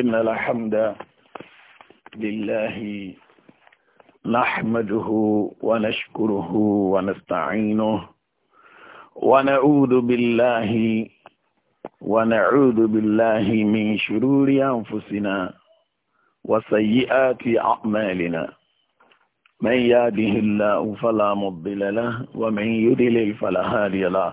إن الحمد لله نحمده ونشكره ونستعينه ونعوذ بالله ونعوذ بالله من شرور أنفسنا وسيئات أعمالنا من يهده الله فلا مضل له ومن يضلل فلا هادي له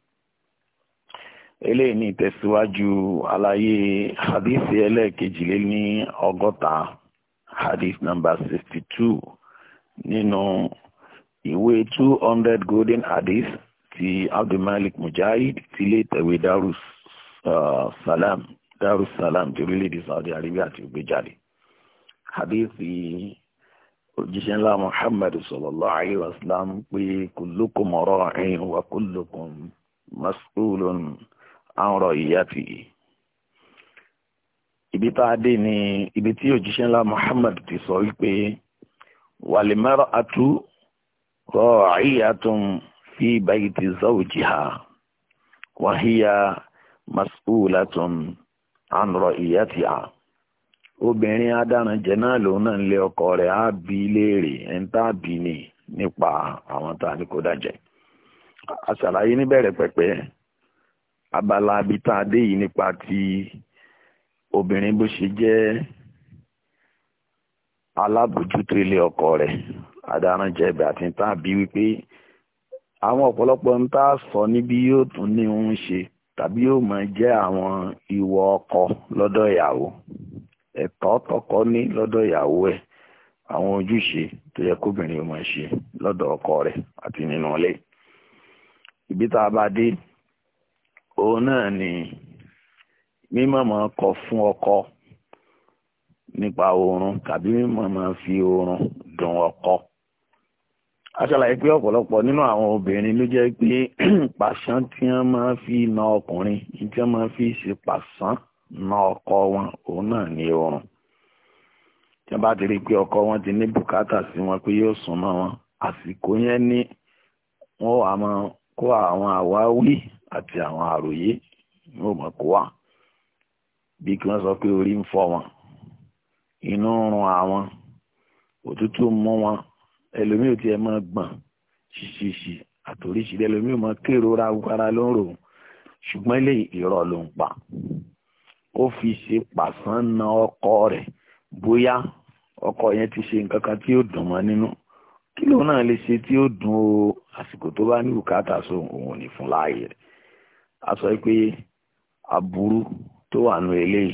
eléyìí ní ìtẹ̀síwájú àlàyé hadith ẹlẹ́ẹ̀kejìlé ní ọgọ́ta hadith number sixty two nínú ìwé two hundred golden hadith ti abdulmalik mujahid ti ilé ìtẹ̀wé darus uh, salam darus salam ti orílẹ̀-èdè saudi arabia ti gbé jáde hadith òjíṣẹ́ ńlá muhammad sallallahu alayhi wa sallam pé kullukum ra'in wa kullukum mas'ulun. ti ìyàtì ibi tá a dé ni ibi tí òjíṣẹ́ ńlá Muhammad ti sọ wípé wàlìmẹ́rọ̀ atú rọ àyíyàtún fi bayti zawjiha wàhíyà mas'ulatun àrọ̀ ìyàtì à obìnrin adáranjẹ náà lòun náà ń lé ọkọ rẹ̀ á bi léèrè ẹni tá a bi ni nípa àwọn tá a ní kó dájẹ́ àṣàlàyé níbẹ̀rẹ̀ pẹ̀pẹ́ abala abita adé yìí nípa ti obìnrin bó ṣe jẹ́ alábòjútó ilé ọkọ rẹ̀ adaránjẹbẹ àti tá a bí wípé àwọn ọ̀pọ̀lọpọ̀ ń tá a sọ níbi yóò tún ní ń ṣe tàbí yóò máa jẹ́ àwọn ìwọ ọkọ lọ́dọ̀ ìyàwó ẹ̀tọ́ tọkọ ní lọ́dọ̀ ìyàwó ẹ̀ àwọn ojúṣe tó yẹ kóbìnrin ó máa ṣe lọ́dọ̀ ọkọ rẹ̀ àti nínú ilé ibi tá a bá dé òun náà ni mímọ̀ máa kọ fún ọkọ nípa oorun tàbí mímọ̀ máa fi oorun dùn ọkọ a aṣàlàyé pé ọ̀pọ̀lọpọ̀ nínú àwọn obìnrin ló jẹ́ pé pàṣán tí wọ́n máa fi na ọkùnrin tí wọ́n máa fi ṣe pàṣán na ọkọ wọn òun náà ni oorun tí wọ́n bá ti rí i pé ọkọ wọn ti ní bùkátà sí wọn pé yóò sún mọ́ wọn àsìkò yẹn ni wọ́n wà máa kó àwọn àwáwí àti àwọn àròyé ní òmò kó wà bí kí wọ́n sọ pé orí ń fọ́ wọn inú ń run àwọn òtútù ń mú wọn ẹlòmíì tí ẹ máa gbọ̀n ṣiṣiṣi àtòríṣiṣi ẹlòmíì máa kérora agbára ló ń rò ṣùgbọ́n ilé irọ́ ló ń pa ó fi ṣe pàṣán na ọkọ rẹ̀ bóyá ọkọ yẹn ti ṣe nǹkan kan tí ó dùn mọ́ nínú kí lóun náà lè ṣe tí ó dùn ó àsìkò tó bá ní bùkátà sóhun òun ò ní fún láàyè rẹ̀ a sọ pé aburu to wà eleyi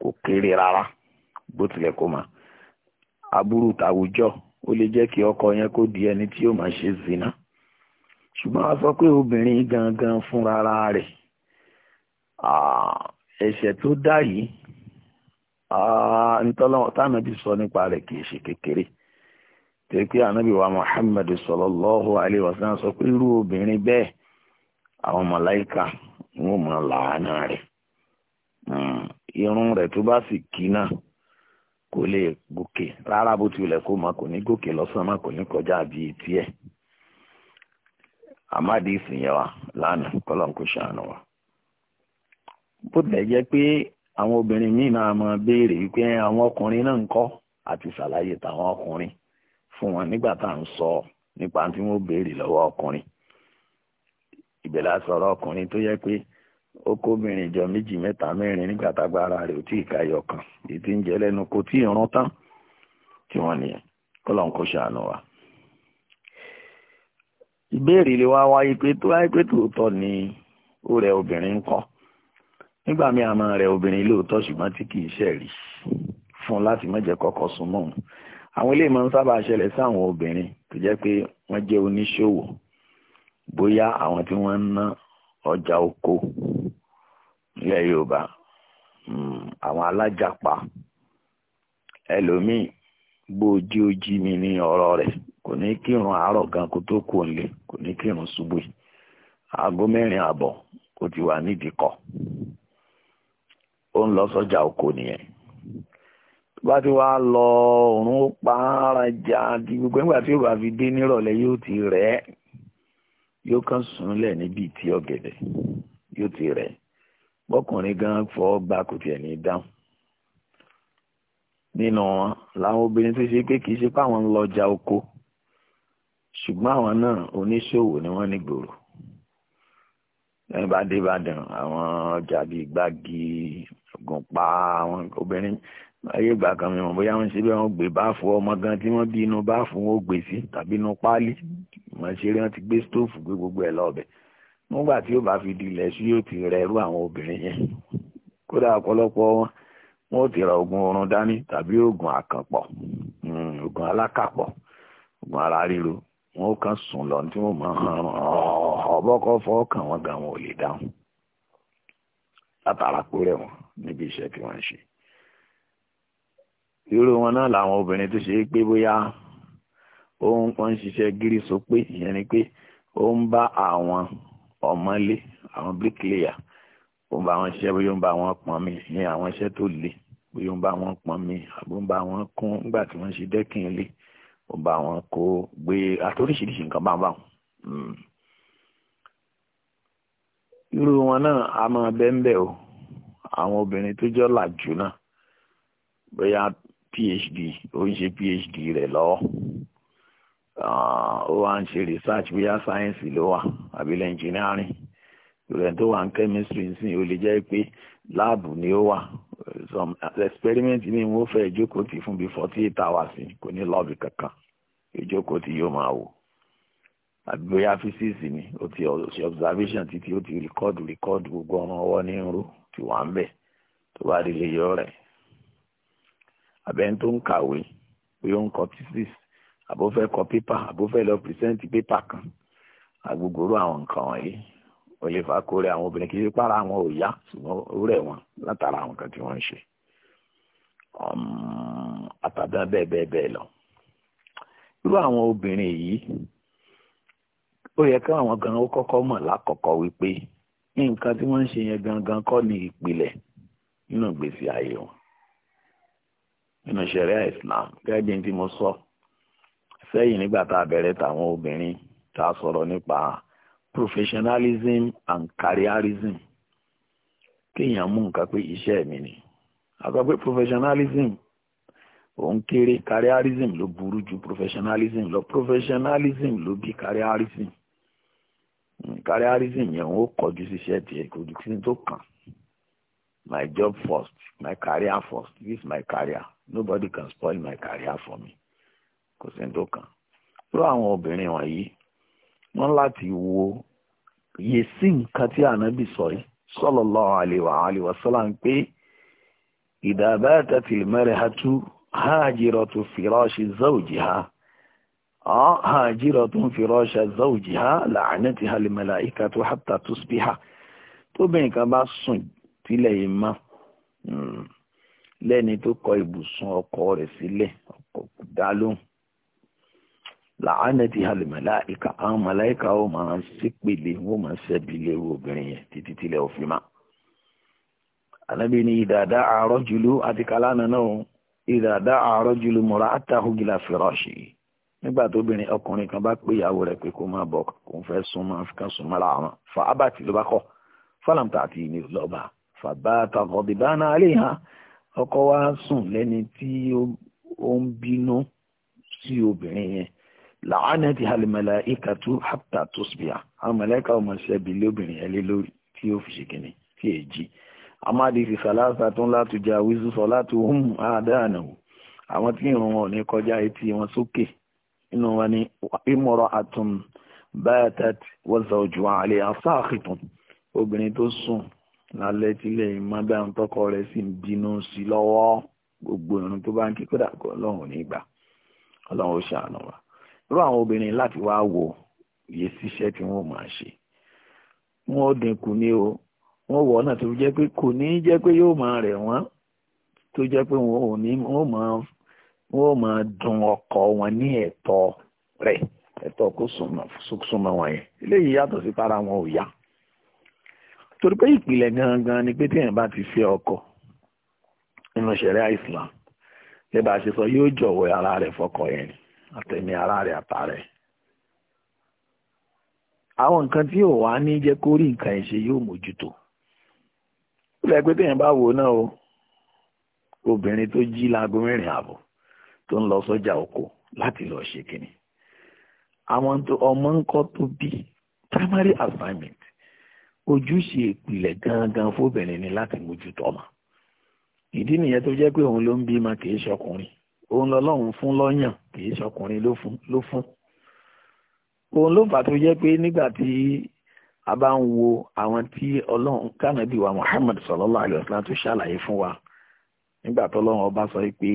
ko kere rara bo tile ko ma aburu aburú tàwùjọ ó lè jẹ́ kí ọkọ yẹn kó di eni ti o ma se zina ṣùgbọ́n a sọ pé obìnrin gangan fúnra rẹ̀ ẹ̀ṣẹ̀ tó dá yìí tánàbí sọ nípa rẹ̀ kìí ṣe kékeré tẹ́ pé ànábì wa Muhammad sallallahu alaihi wasallam sọ pé irú obìnrin bẹ́ẹ̀ àwọn màláìka wọn mọ làánà rẹ̀ hmm, irun rẹ̀ tó bá sì kí náà kò lè gòkè rárá bó tilẹ̀ kó mọ kò ní gòkè lọ́sàn-án má kò ní kọjá bí etí ẹ̀ àmàdí ìsìnyẹ wa lánàá kọ́lọ́n kò ṣàánú wa. bó tilẹ̀ jẹ́ pé àwọn obìnrin míì náà máa béèrè wípé àwọn ọkùnrin náà ń kọ́ àti ṣàlàyé tàwọn ọkùnrin fún wọn nígbà tá à ń sọ nípa tí wọ́n béèrè lọ́wọ́ ọkùnrin ibẹ̀ sọ̀rọ̀ ọkùnrin tó yẹ pé ó kóbìnrin jọ méjì mẹ́ta mẹ́rin nígbà tágbára rẹ̀ ò tí ì kan èyí tí ń jẹ́ lẹ́nu kò tí ì rán tán tí wọ́n nìyẹn wa. ìbéèrè lè wá wáyé pé tó wáyé pé tòótọ́ ni ó rẹ obìnrin ń kọ́ nígbà fún un láti kọ́kọ́ àwọn ilé ìmọ̀ ń sábà ṣẹlẹ̀ sáwọn obìnrin tó bóyá àwọn tí wọ́n ń ná ọjà oko nílẹ̀ yorùbá hmm, àwọn alájàpá ẹlòmíì gbòógì ojí mi ní ọ̀rọ̀ rẹ̀ kò ní kírun àárọ̀ gan kó tó kù nílé kò ní kírun ṣubú yìí aago mẹ́rin àbọ̀ ó ti wà nídìí kọ̀ ó ń lọ sọ́jà oko nìyẹn tó bá ti wá lọ òun pa ara jà di gbogbo nígbà tí yóò bá fi dé nírọ̀lẹ́ yóò ti rẹ̀ ẹ́ yóò kàn súnlẹ̀ níbi tí ọ̀gẹ̀dẹ̀ yóò ti rẹ̀ bọ́kùnrin gan fọ́ gbà kò tiẹ̀ ní dáhùn nínú wọn làwọn obìnrin tó ṣe pé kì í ṣe pé àwọn ń lọ ja oko ṣùgbọ́n àwọn náà oníṣòwò ni wọ́n ní gbòòrò lẹ́yìn bá dé Ìbàdàn àwọn ọjà bíi gbági ògùnpá àwọn obìnrin ayé ìgbà kan mi mọ̀ bóyá wọ́n ṣe bí wọ́n gbé báàfù ọmọ gan tí wọ́n bí inú báàfù wọn ó gbé sí tàbí inú páálí wọ́n ṣe rí wọ́n ti gbé stóòfù gbé gbogbo ẹ̀ lọ́ọ̀bẹ̀ nígbà tí ó bá fi di ilẹ̀ sí yóò ti rẹ̀rú àwọn obìnrin yẹn kódà ọ̀pọ̀lọpọ̀ wọn wọn ò ti ra oògùn oorun dání tàbí oògùn àkànpọ̀ hmm, oògùn alákàpọ̀ oògùn ara ríro wọn ó kàn sùn lọ tí wọn máa hàn ọ̀bọ̀kọ̀ fọ́ọ̀kàn wọn gan wọn ò lè dáhùn látara pé rẹ̀ wọn níbi iṣẹ́ tí wọ́n ń ṣe irú wọn náà làwọn obìnrin tó ṣe é pé bóyá ó ń pọ́n ṣiṣẹ́ gírí so pé ìyẹn ni pé ó ń bá àwọn ọmọlé àwọn bíríkìlẹ̀yà ó ń bá wọn ṣiṣẹ́ bóyá ó ń bá wọn pọ́n mi ní àwọn iṣẹ́ tó le bóyá ó ń bá wọn pọ́n mi àbó ń bá wọn kún nígbà tí wọ́n ṣe dẹ́kìn ilé ó bá wọn kó gbé àtòríṣiríṣi nǹkan bá wọn. Hmm. irú wọn náà a máa bẹ́ńbẹ́ o àwọn obìnrin tó jọ́ làjú náà bóyá phd ó ń ṣe phd rẹ̀ lọ́wọ́ ah, ó wá ń ṣe research bóyá science ló wà àbílẹ̀ engineering ìrẹ̀ tó wà ní chemistry sìn ó lè jẹ́ pé láàbù ni ó wà some experiment ní wọ́n fẹ́ ìjókòó tì fún bíi forty eight hours kò ní lọ́ọ̀bì kankan ìjókòó tì yóò máa wò àbí bóyá físíìsì ni ó ti ṣe observation títí ó ti rìkọ́ọ̀dù record gbogbo ọmọ ọwọ́ ní irú ti wà ń bẹ̀ tó bá rí yọ rẹ̀ abẹ́ni tó ń kàwé bóyá ó ń kọ thesis àbó fẹ́ kọ pépà àbó fẹ́ lọ pírísẹ́ǹtì pépà kan agbègbòrò àwọn nǹkan wọ̀nyí ó lè fà kórè àwọn obìnrin kì í para àwọn ò yá ṣùgbọ́n ó rẹ̀ wọ́n látara àwọn kan tí wọ́n ń ṣe um, àtàdá bẹ́ẹ̀ bẹ́ẹ̀ bẹ́ẹ̀ lọ irú àwọn obìnrin yìí ó yẹ kí àwọn gan ó kọ́kọ́ mọ̀ lákọ̀ọ́kọ́ wípé nǹkan tí wọ́n ń ṣe yẹn gangan kọ́ ni ìpìlẹ̀ nínú ìgbésí ayé wọn nínú ṣẹ̀ríà Islam gẹ́gẹ́ bí tí mo sọ sẹ́yìn nígbà tá a bẹ̀rẹ̀ tàwọn obìnrin tá a sọ̀rọ̀ nípa professionalism and careerism kéèyàn mú nǹkan pé iṣẹ́ mi ni a sọ pé professionalism òun kéré careerism ló burú ju professionalism lọ professionalism ló bí careerism hmm, careerism yẹn òun ó kọjú síṣẹ́ tiẹ̀ kò dùn sí tó kàn my job first my career first this my career nobody can spoil my career for me kò sẹ́ni tó kàn lọ àwọn obìnrin wọ̀nyí wọ́n láti wo yè sí nǹkan tí ànábì sọ yìí sallallahu alaihi wa alihi wa sallam pé idha batatil marhatu hajiratu firashi zawjiha hajiratun firasha zawjiha la'anatiha al malaikatu hatta tusbiha tóbìnrin kan bá sùn tílẹ̀ yìí mọ́ hmm lẹ́ni tó kọ ibùsùn ọkọ rẹ̀ sílẹ̀ ọkọ kò dá lóhùn làánà ti halẹ̀ màláìka àwọn màláìka ó máa ń ṣépele ó máa ń ṣẹ́bi léwu obìnrin yẹn títí tilẹ̀ òfin ma. ànábì ní ìdàdá àárọ̀ jùlọ àti kàlánà náà ìdàdá àárọ̀ jùlọ mọ̀ra àtàhùgìlà fìrọ̀ṣì nígbà tó obìnrin ọkùnrin kan bá pé ìyàwó rẹ̀ pé kó máa bọ̀ kó fẹ́ súnmọ́ kan súnmọ́ ra àwọn fa abati ló bá kọ́ fọlọ́mùtà àti ìní lọ́ba fàbá tàkọ́dìbánà ọkọ wa sùn lẹ́ni tí ó ń bínú sí obìnrin yẹn làánẹ́tì halimẹ̀lá ìkàtú hapta tosbia àwọn mẹ̀lẹ́kà ọmọ ṣẹ́bi lóbìnrin yẹn lé lórí tí ó fi ṣe kìnnì tí èjì amadi fi sàlásà tó ńlá tó jẹ àwísù sọ láti hùm àdáàna o àwọn tí ìrùn wọn ní kọjá etí wọn sókè inú wọn ni ìmọ̀rọ̀ àtùn báyàtà wọ́n sọ jù àlè àsáàkìtùn obìnrin tó sùn lálẹ́ tílẹ̀ ìmọ̀dá ń tọkọ rẹ̀ sì ń bínú sí lọ́wọ́ gbogbo irun tó bá ń kí kódà kó ọlọ́run ní ìgbà ọlọ́run ó ṣàánú wa irú àwọn obìnrin láti wá wo iye ṣiṣẹ́ tí wọ́n máa ṣe wọ́n ó dínkù ní o wọ́n wọ̀ náà tó jẹ́ pé kò ní jẹ́ pé yóò máa rẹ̀ wọ́n tó jẹ́ pé wọ́n ò ní wọ́n máa máa dun ọkọ wọn ní ẹ̀tọ́ rẹ̀ ẹ̀tọ́ kó súnmọ́ wọn yẹn eléyìí yàtọ̀ sí para wọn ò yá torí pé ìpìlẹ̀ gangan ni pé téèyàn bá ti fẹ́ ọkọ nínú ṣẹ̀ríà Islam lẹ́bàá ṣe sọ yóò jọ̀wọ́ ara rẹ̀ fọkọ yẹn àtẹ̀mí ara rẹ̀ àtàrẹ̀ àwọn nǹkan tí ò wá ní jẹ́ kó rí nǹkan ìṣe yóò mójútó ó lẹ́ pé téèyàn bá wò náà o obìnrin tó jí láago mẹ́rin ààbọ̀ tó ń lọ sọ́jà oko láti lọ ṣe kínní àwọn ọmọ ńkọ́ tó bí primary assignment ojúṣe ìpìlẹ̀ gangan fóbìnrin ni láti mójútó ọmọ ìdí nìyẹn tó jẹ́ pé òun ló ń bímọ kì í ṣọkùnrin òun lọ́lọ́run fún lọ́yàn kìí ṣọkùnrin ló fún òun ló fà tó jẹ́ pé nígbà tí a bá ń wo àwọn tí ọlọ́run kánàbí wa Muhammad sallallahu alaihi wasallam tó ṣàlàyé fún wa nígbà tó lọ́run ọba sọ pé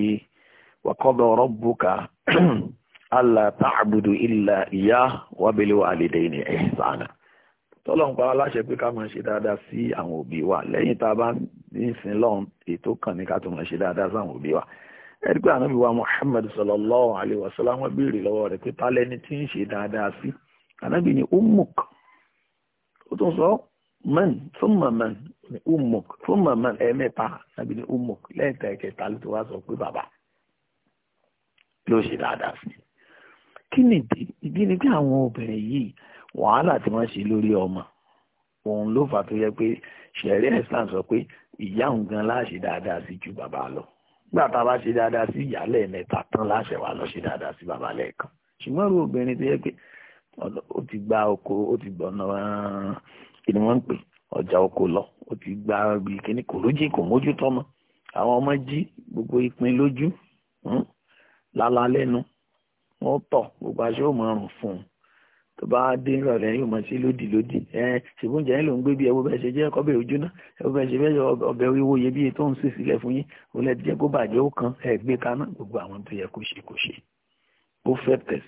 wa qada rabbuka alla ta'budu illa iyyah wa bil walidayni ihsana tọ́lọ́run pa wá láṣẹ pé ká máa ṣe dáadáa sí àwọn òbí wa lẹ́yìn tá a bá ń sin lọ́run ètò kan ní ká tó máa ṣe dáadáa sí àwọn òbí wa ẹni pé ànábì wa Muhammad sallallahu alayhi wa sallam wọ́n béèrè lọ́wọ́ rẹ̀ pé ta lẹni tí ń ṣe dáadáa sí ànábì ni ummuk ó tún sọ man thumma man ni ummuk thumma man ẹ̀ẹ́mẹ́ta ànábì ni ummuk lẹ́yìn tá ẹ̀kẹta ló wá sọ pé bàbá ló ṣe dáadáa sí kí nìdí ìdí ni pé àwọn obìnrin yìí wàhálà tí wọ́n ṣe lórí ọmọ òun ló fà tó yẹ pé ṣẹ̀rí islam sọ pé ìyá òun gan láṣẹ dáadáa sí ju bàbá lọ nígbà tá a bá ṣe dáadáa sí ìyá lẹ́ẹ̀mẹ́ta tán láṣẹ wà lọ ṣe dáadáa sí bàbá lẹ́ẹ̀kan ṣùgbọ́n irú obìnrin tó yẹ pé ó ti gba oko ó ti gbọ̀nà kí ni wọ́n ń pè ọjà oko lọ ó ti gba ibi kíní kò lójì kò mójútó mọ́ àwọn ọmọ jí gbogbo ìpín lójú hmm, lálá wọ́n tọ̀ gbogbo aṣọ òmùrùn fún un tó bá dé ìrọ̀lẹ́ yóò mọ̀ sí lódì lódì ẹ ṣùgbọ́n jẹ́ ló ń gbé bí ẹwọ́ bẹ́ẹ̀ ṣe jẹ́ ọbẹ̀ òjúná ẹwọ́ bẹ́ẹ̀ ṣe bẹ́ẹ̀ ọbẹ̀ owó iyebíye tó ń sè sílẹ̀ fún yín ó lẹ́ jẹ́ kó bàjẹ́ ó kan ẹ kaná gbogbo àwọn tó yẹ kó ṣe kó ṣe ó fẹ́ tẹ̀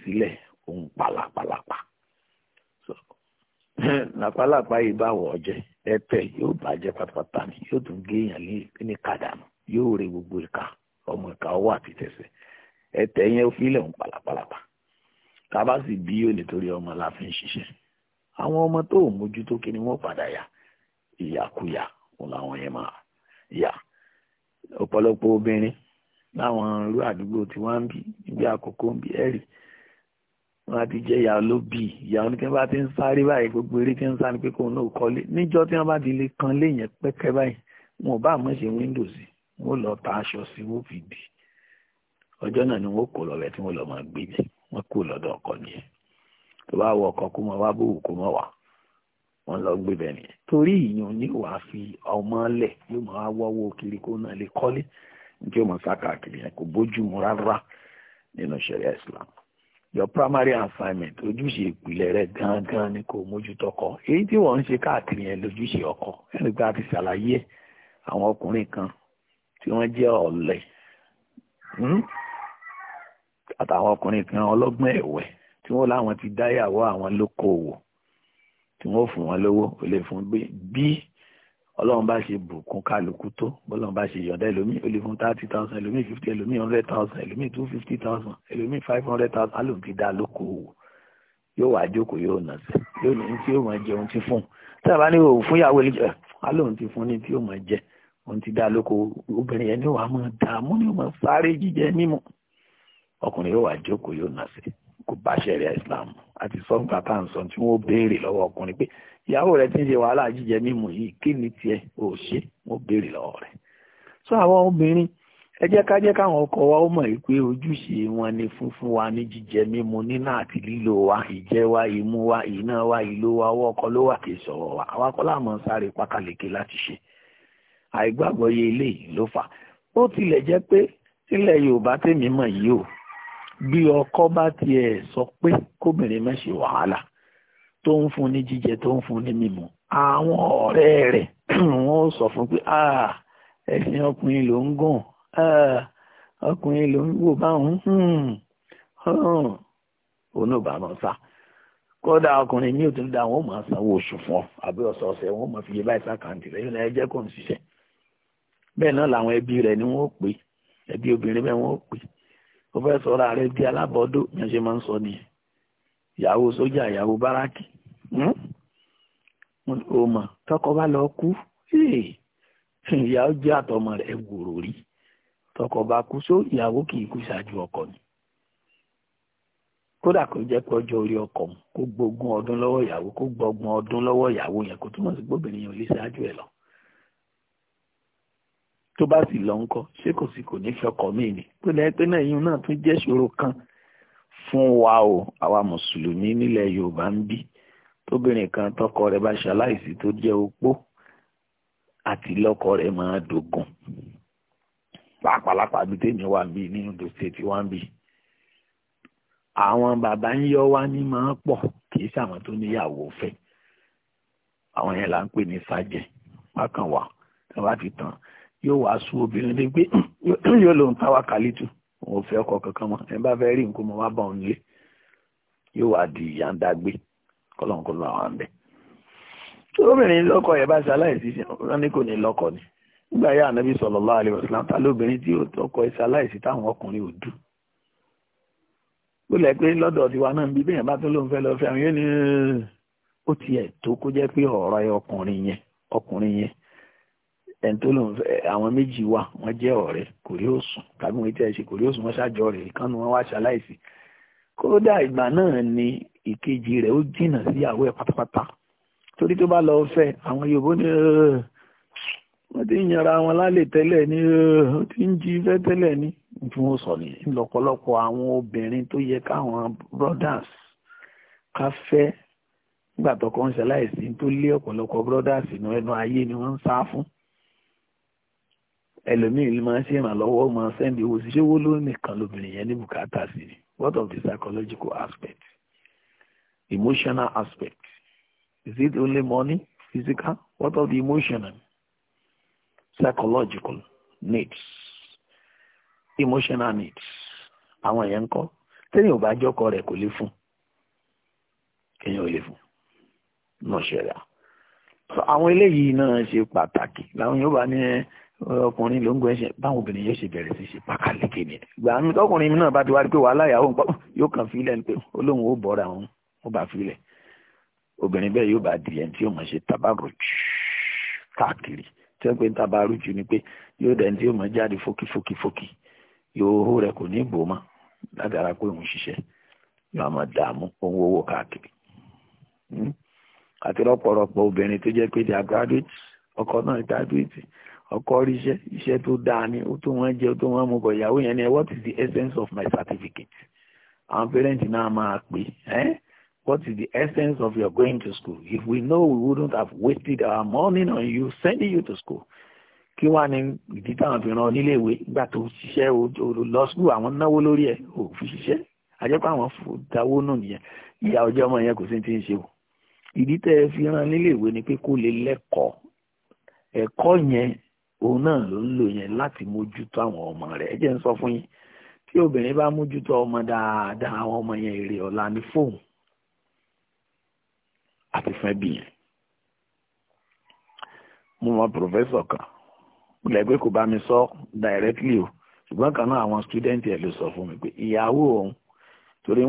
òun pàlàpàlàpà làpálàpá yìí bá wọ̀ ọ̀jẹ̀ ẹ tẹ̀ yóò bàjẹ́ pátápátá ni yóò tún gé èèyàn ní kàdánù yóò re gbogbo ìka ọmọ ìka ọwọ́ tábà sì bí yóò nítorí ọmọ la fi ń ṣiṣẹ́ àwọn ọmọ tó ò mójútó kí ni wọ́n padà yà ìyàkuyà òun làwọn yẹn máa yà ọ̀pọ̀lọpọ̀ obìnrin láwọn irú àdúgbò tí wọ́n ń bí níbi àkókò ń bí ẹ̀rì wọ́n ti jẹ́ ìyá olóbì ìyá oníkẹ́ bá ti ń sáré báyìí gbogbo eré tí ń sá ni pé kóun náà kọ́lé níjọ́ tí wọ́n bá ti lè kan léèyàn pẹ́kẹ́ báyìí wọn ò bá àmọ́ ṣe wíńdò sí wọn ò lọ ta aṣọ sí wọn ò fi dì ọjọ́ náà ni wọn kò lọ rẹ̀ tí wọn lọ máa gbé bẹ́ẹ̀ wọ́n kú lọ́dọ̀ ọkọ nìyẹn tó bá wọ ọkọ kó mọ wá bó wù kó mọ wà wọ́n lọ gbé bẹ́ẹ̀ nìyẹn torí ìyẹn ní wàá fi ọmọ lẹ̀ yóò máa wọ́wọ́ kiri kó náà lè kọ́lé tí ó mọ̀ sákàkiri yẹn kò bójú mu rárá nínú ṣẹ̀ríà Islam your primary assignment ojúṣe ìpìlẹ̀ rẹ̀ gangan ni kò mójútó ọkọ èyí tí wọ́n ń ṣe káàkiri yẹn lójúṣe ọkọ ẹni pé a ti ṣàlàyé àwọn ọkùnrin kan tí wọ́n jẹ́ ọ̀lẹ hmm? àtàwọn ọkùnrin kan ọlọ́gbọ́n ẹ̀wẹ̀ tí wọ́n láwọn ti dáyàwó àwọn lókoòwò tí wọ́n fún wọn lówó ó lè fún bí ọlọ́run bá ṣe bùkún kálukú tó bọ́lọ́run bá ṣe yọ̀ǹda ẹlòmíì ó lè fún thirty thousand ẹlòmíì fifty ẹlòmíì hundred thousand ẹlòmíì two fifty thousand ẹlòmíì five hundred thousand alóhùn ti dá lókoòwò yóò wá jókòó yóò nà sí yóò ní tí yóò máa jẹ ohun ti fún tí a bá ní òun fún ìyàwó ẹ alóhùn ti fún ní tí yóò máa jẹ ohun ti dá lókoòwò obìnrin yẹn ní wàá máa dààmú ní wàá sáré jíjẹ mímu ọkùnrin yóò wá jókòó yóò nà sí kò bá ṣẹ̀ríà islam àti sọ́ǹgbà tá à ń sọ tí wọ́n béèrè lọ́wọ́ ọkùnrin pé ìyàwó rẹ ti ń ṣe wàhálà jíjẹ mímu yìí kí ni tiẹ̀ ò ṣe wọ́n béèrè lọ́wọ́ rẹ̀ sọ àwọn obìnrin ẹ jẹ́ ká jẹ́ káwọn ọkọ wa ó mọ̀ pé ojúṣe wọn ni fúnfún wa ní jíjẹ mímu nínà àti lílo wa ìjẹ wa ìmu wa ìná wa ìlò wa ọwọ́ ọkọ ló wà kì í sọ̀rọ̀ wa àwa kọ́ láàmú sáré pákàleke láti ṣe àìgbàgbọ́ yẹ eléyìí ló fà ó tilẹ̀ jẹ́ pé sílẹ̀ Yorùbá tèmi mọ̀ yìí o bí ọkọ bá tiẹ̀ sọ pé kóbìnrin má ṣe wàhálà tó ń fún ní jíjẹ tó ń fún ní mímu àwọn ọ̀rẹ́ rẹ̀ wọ́n sọ fún pé ẹ̀sìn ọkùnrin ló ń gùn ọkùnrin ló ń wò báwọn òun hmm. Hmm. sá kódà ọkùnrin ní òtún dá wọn máa sanwó oṣù fún ọ àbí ọ̀sọ̀ọ̀sẹ̀ wọn máa fi yé báyìí sàkàǹtì rẹ yóò jẹ́ kó ń ṣiṣẹ́ bẹ́ẹ̀ náà làwọn ẹbí rẹ̀ ni wọ́n pè ẹbí obìnrin bẹ́ẹ̀ wọ́n pè ó fẹ́ sọ̀rọ̀ ààrẹ di alábọ́dó bí wọ́n ṣe máa ń sọ nìyẹn ìyàwó sójà ìyàwó báràkì hmm? ó mọ̀ tọkọ bá lọ kú ìyá ó jẹ́ àtọmọ rẹ̀ wòrò rí tọkọ bá kú só ìyàwó kì í kú ṣáájú ọkọ ni kódà kò jẹ́ pé ọjọ́ orí ọkọ kó gbógun ọdún lọ́wọ́ ìyàwó kó gbọ́gbọ́n ọdún lọ́wọ́ ìyàwó yẹn kó túmọ̀ sí gbóbìnrin yẹn ò lè ṣáájú ẹ̀ lọ tó bá sì lọ ńkọ́ ṣé kò sí kò ní fọkọ mí ni pé lẹ́yìn pé náà yìí náà tún jẹ́ ìṣòro kan fún wa o àwa mùsùlùmí nílẹ̀ yorùbá ń bí tóbìnrin kan tọkọ rẹ̀ bá ṣaláìsí tó jẹ́ opó àti lọ́kọ rẹ̀ máa dogun pàápàá bí tèmi wà bí nínú the state wà bí àwọn bàbá ń yọ wá ní máa pọ̀ kì í ṣàwọn tó níyàwó fẹ́ àwọn yẹn là ń pè ní sájẹ wákànwá tí wọ́n bá ti tàn yóò wá sú obìnrin dé pé yóò lòun táwa kàlítù òun ò fẹ́ ọkọ kankan mọ́ ẹ bá fẹ́ rí nǹkan mọ́ wá bá òun lé yóò wá di ìyá ń dágbé kọ́lọ́nkọ́lọ́ àwọn àmbẹ́. obìnrin lọ́kọ yẹn bá ṣe wọn ní kò ní ni nígbà yá ànábì ta lóbìnrin tí táwọn ọkùnrin ò dù gbọ́dọ̀ pé lọ́dọ̀ náà bá tó lóun fẹ́ lọ fẹ́ àwọn ó tó kó jẹ́ pé ọ̀rọ̀ ọkùnrin yẹn ọkùnrin yẹn ẹni tó lòun àwọn méjì wà wọ́n jẹ́ ọ̀rẹ́ kò rí òsùn tàbí wọ́n ti ẹ̀ ṣe kò rí òsùn wọ́n ṣàjọ rẹ̀ ìkànnì wọn wá ṣaláìsí kódà ìgbà náà ni ìkejì rẹ̀ ó jìnnà sí ìyàwó ẹ̀ pátápátá torí tó bá lọ fẹ́ àwọn Yorùbá ní wọ́n ti ń yanra wọn lálẹ́ tẹ́lẹ̀ ní wọ́n ti ń jí fẹ́ tẹ́lẹ̀ ní tí wọ́n sọ ní lọ́pọ̀lọpọ̀ àwọn obìnrin tó yẹ káwọn brothers ká fẹ́ nígbà tó kọ́ ń ṣe tó lé ọ̀pọ̀lọpọ̀ brothers nínú ẹnu ayé ni wọ́n ń sá fún ẹlòmíì máa ṣe ìrànlọ́wọ́ máa sẹ́ndì owó sí ṣéwó ló lóbìnrin yẹn ní bùkátà sí ni what of the psychological aspect emotional aspect is it only money physical what of the emotional psychological needs emotional needs àwọn èèyàn ń kọ́ tẹ́yìn ò bá jọ́kọ rẹ̀ kò lè fún èèyàn ò lè fún náà ṣẹlẹ̀ àwọn eléyìí náà ṣe pàtàkì làwọn yóò bá ní ẹ ọkùnrin ló ń gbọ́ ẹ̀ṣẹ̀ báwọn obìnrin yẹn ṣe bẹ̀rẹ̀ sí ṣe pákàlẹ́kẹ̀ ni ìgbà mi tọkùnrin mi náà bá ti wá rí pé wàhálà ìyàwó nǹkan yóò kàn fílẹ̀ ni pé olóhùn ó òun ó bá fílẹ̀ obìnrin bẹ́ẹ̀ yóò bá di ẹni tí yóò máa ṣe tabarujú káàkiri tí wọ́n pe ni pé yóò dẹ̀ ẹni tí yóò máa jáde fókífókífókí yòówó rẹ̀ kò ní ìbò mọ́ látara pé òun ṣiṣẹ́ yóò máa dààmú ọkọ rí iṣẹ́ iṣẹ́ tó dáa ni ó tó wọ́n jẹ́ ó tó wọ́n mú bọ̀ ìyàwó yẹn ni what is the essence of my certificate àwọn parents náà máa pè ẹ́ eh? what is the essence of your going to school if we know we wouldn't have wasted our money on you sending you to school kí wàá ní ìdí táwọn fi ràn nílé ìwé nígbà tó ṣiṣẹ́ lọ school àwọn náwó lórí ẹ̀ ò fi ṣiṣẹ́ àjẹpọ̀ àwọn dáwó nù nìyẹn ìyá ọjọ́ ọmọ yẹn kò sí ti ń ṣe o ìdí tẹ́ ẹ fi ràn nílé ìwé ni pé kó lè lẹ́kọ̀ọ́ ẹ̀kọ́ yẹn òun náà ló ń lò yẹn láti mójútó àwọn ọmọ rẹ̀ ẹ jẹ́ ń sọ fún yín tí obìnrin bá mójútó ọmọ dáadáa àwọn ọmọ yẹn èrè ọ̀la ní fóònù àti fún ẹbí yẹn mo mọ pòfẹ́sọ̀ kan lẹ́gbẹ́ kò bá mi sọ directly o ṣùgbọ́n kan náà àwọn student ẹ̀ ló sọ fún mi pé ìyàwó òun torí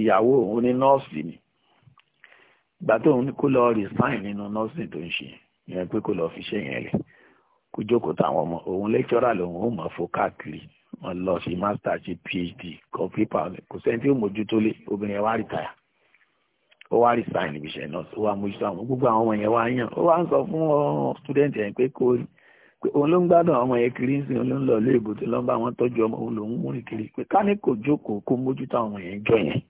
ìyàwó òun ní nọ́ọ̀sì ni ìgbà tóun kó lọ resign nínú nọ́ọ̀sì tó ń ṣe yẹn pé kó lọ fi ṣe yẹn lẹ̀ kó jókòó táwọn ọmọ òun lẹ́kítọ́rà lòun ó mọ̀ fún káàkiri wọn lọ sí master sí phd kọ pípa kò sẹ́ni tí ó mójútó lé obìnrin yẹn wá rìtáyà ó wá resign níbi iṣẹ́ náà ó wá mójútó àwọn gbogbo àwọn ọmọ yẹn wá yàn ó wá ń sọ fún student yẹn pé kó pé òun ló ń gbádùn ọmọ yẹn kiri ń sìn òun ló ń lọ ilé ìbò tó lọ bá wọn tọ́jú ọmọ òun lòún múrin kiri pé ká ní kò jókòó kó mójútó àwọn yẹn jọ yẹn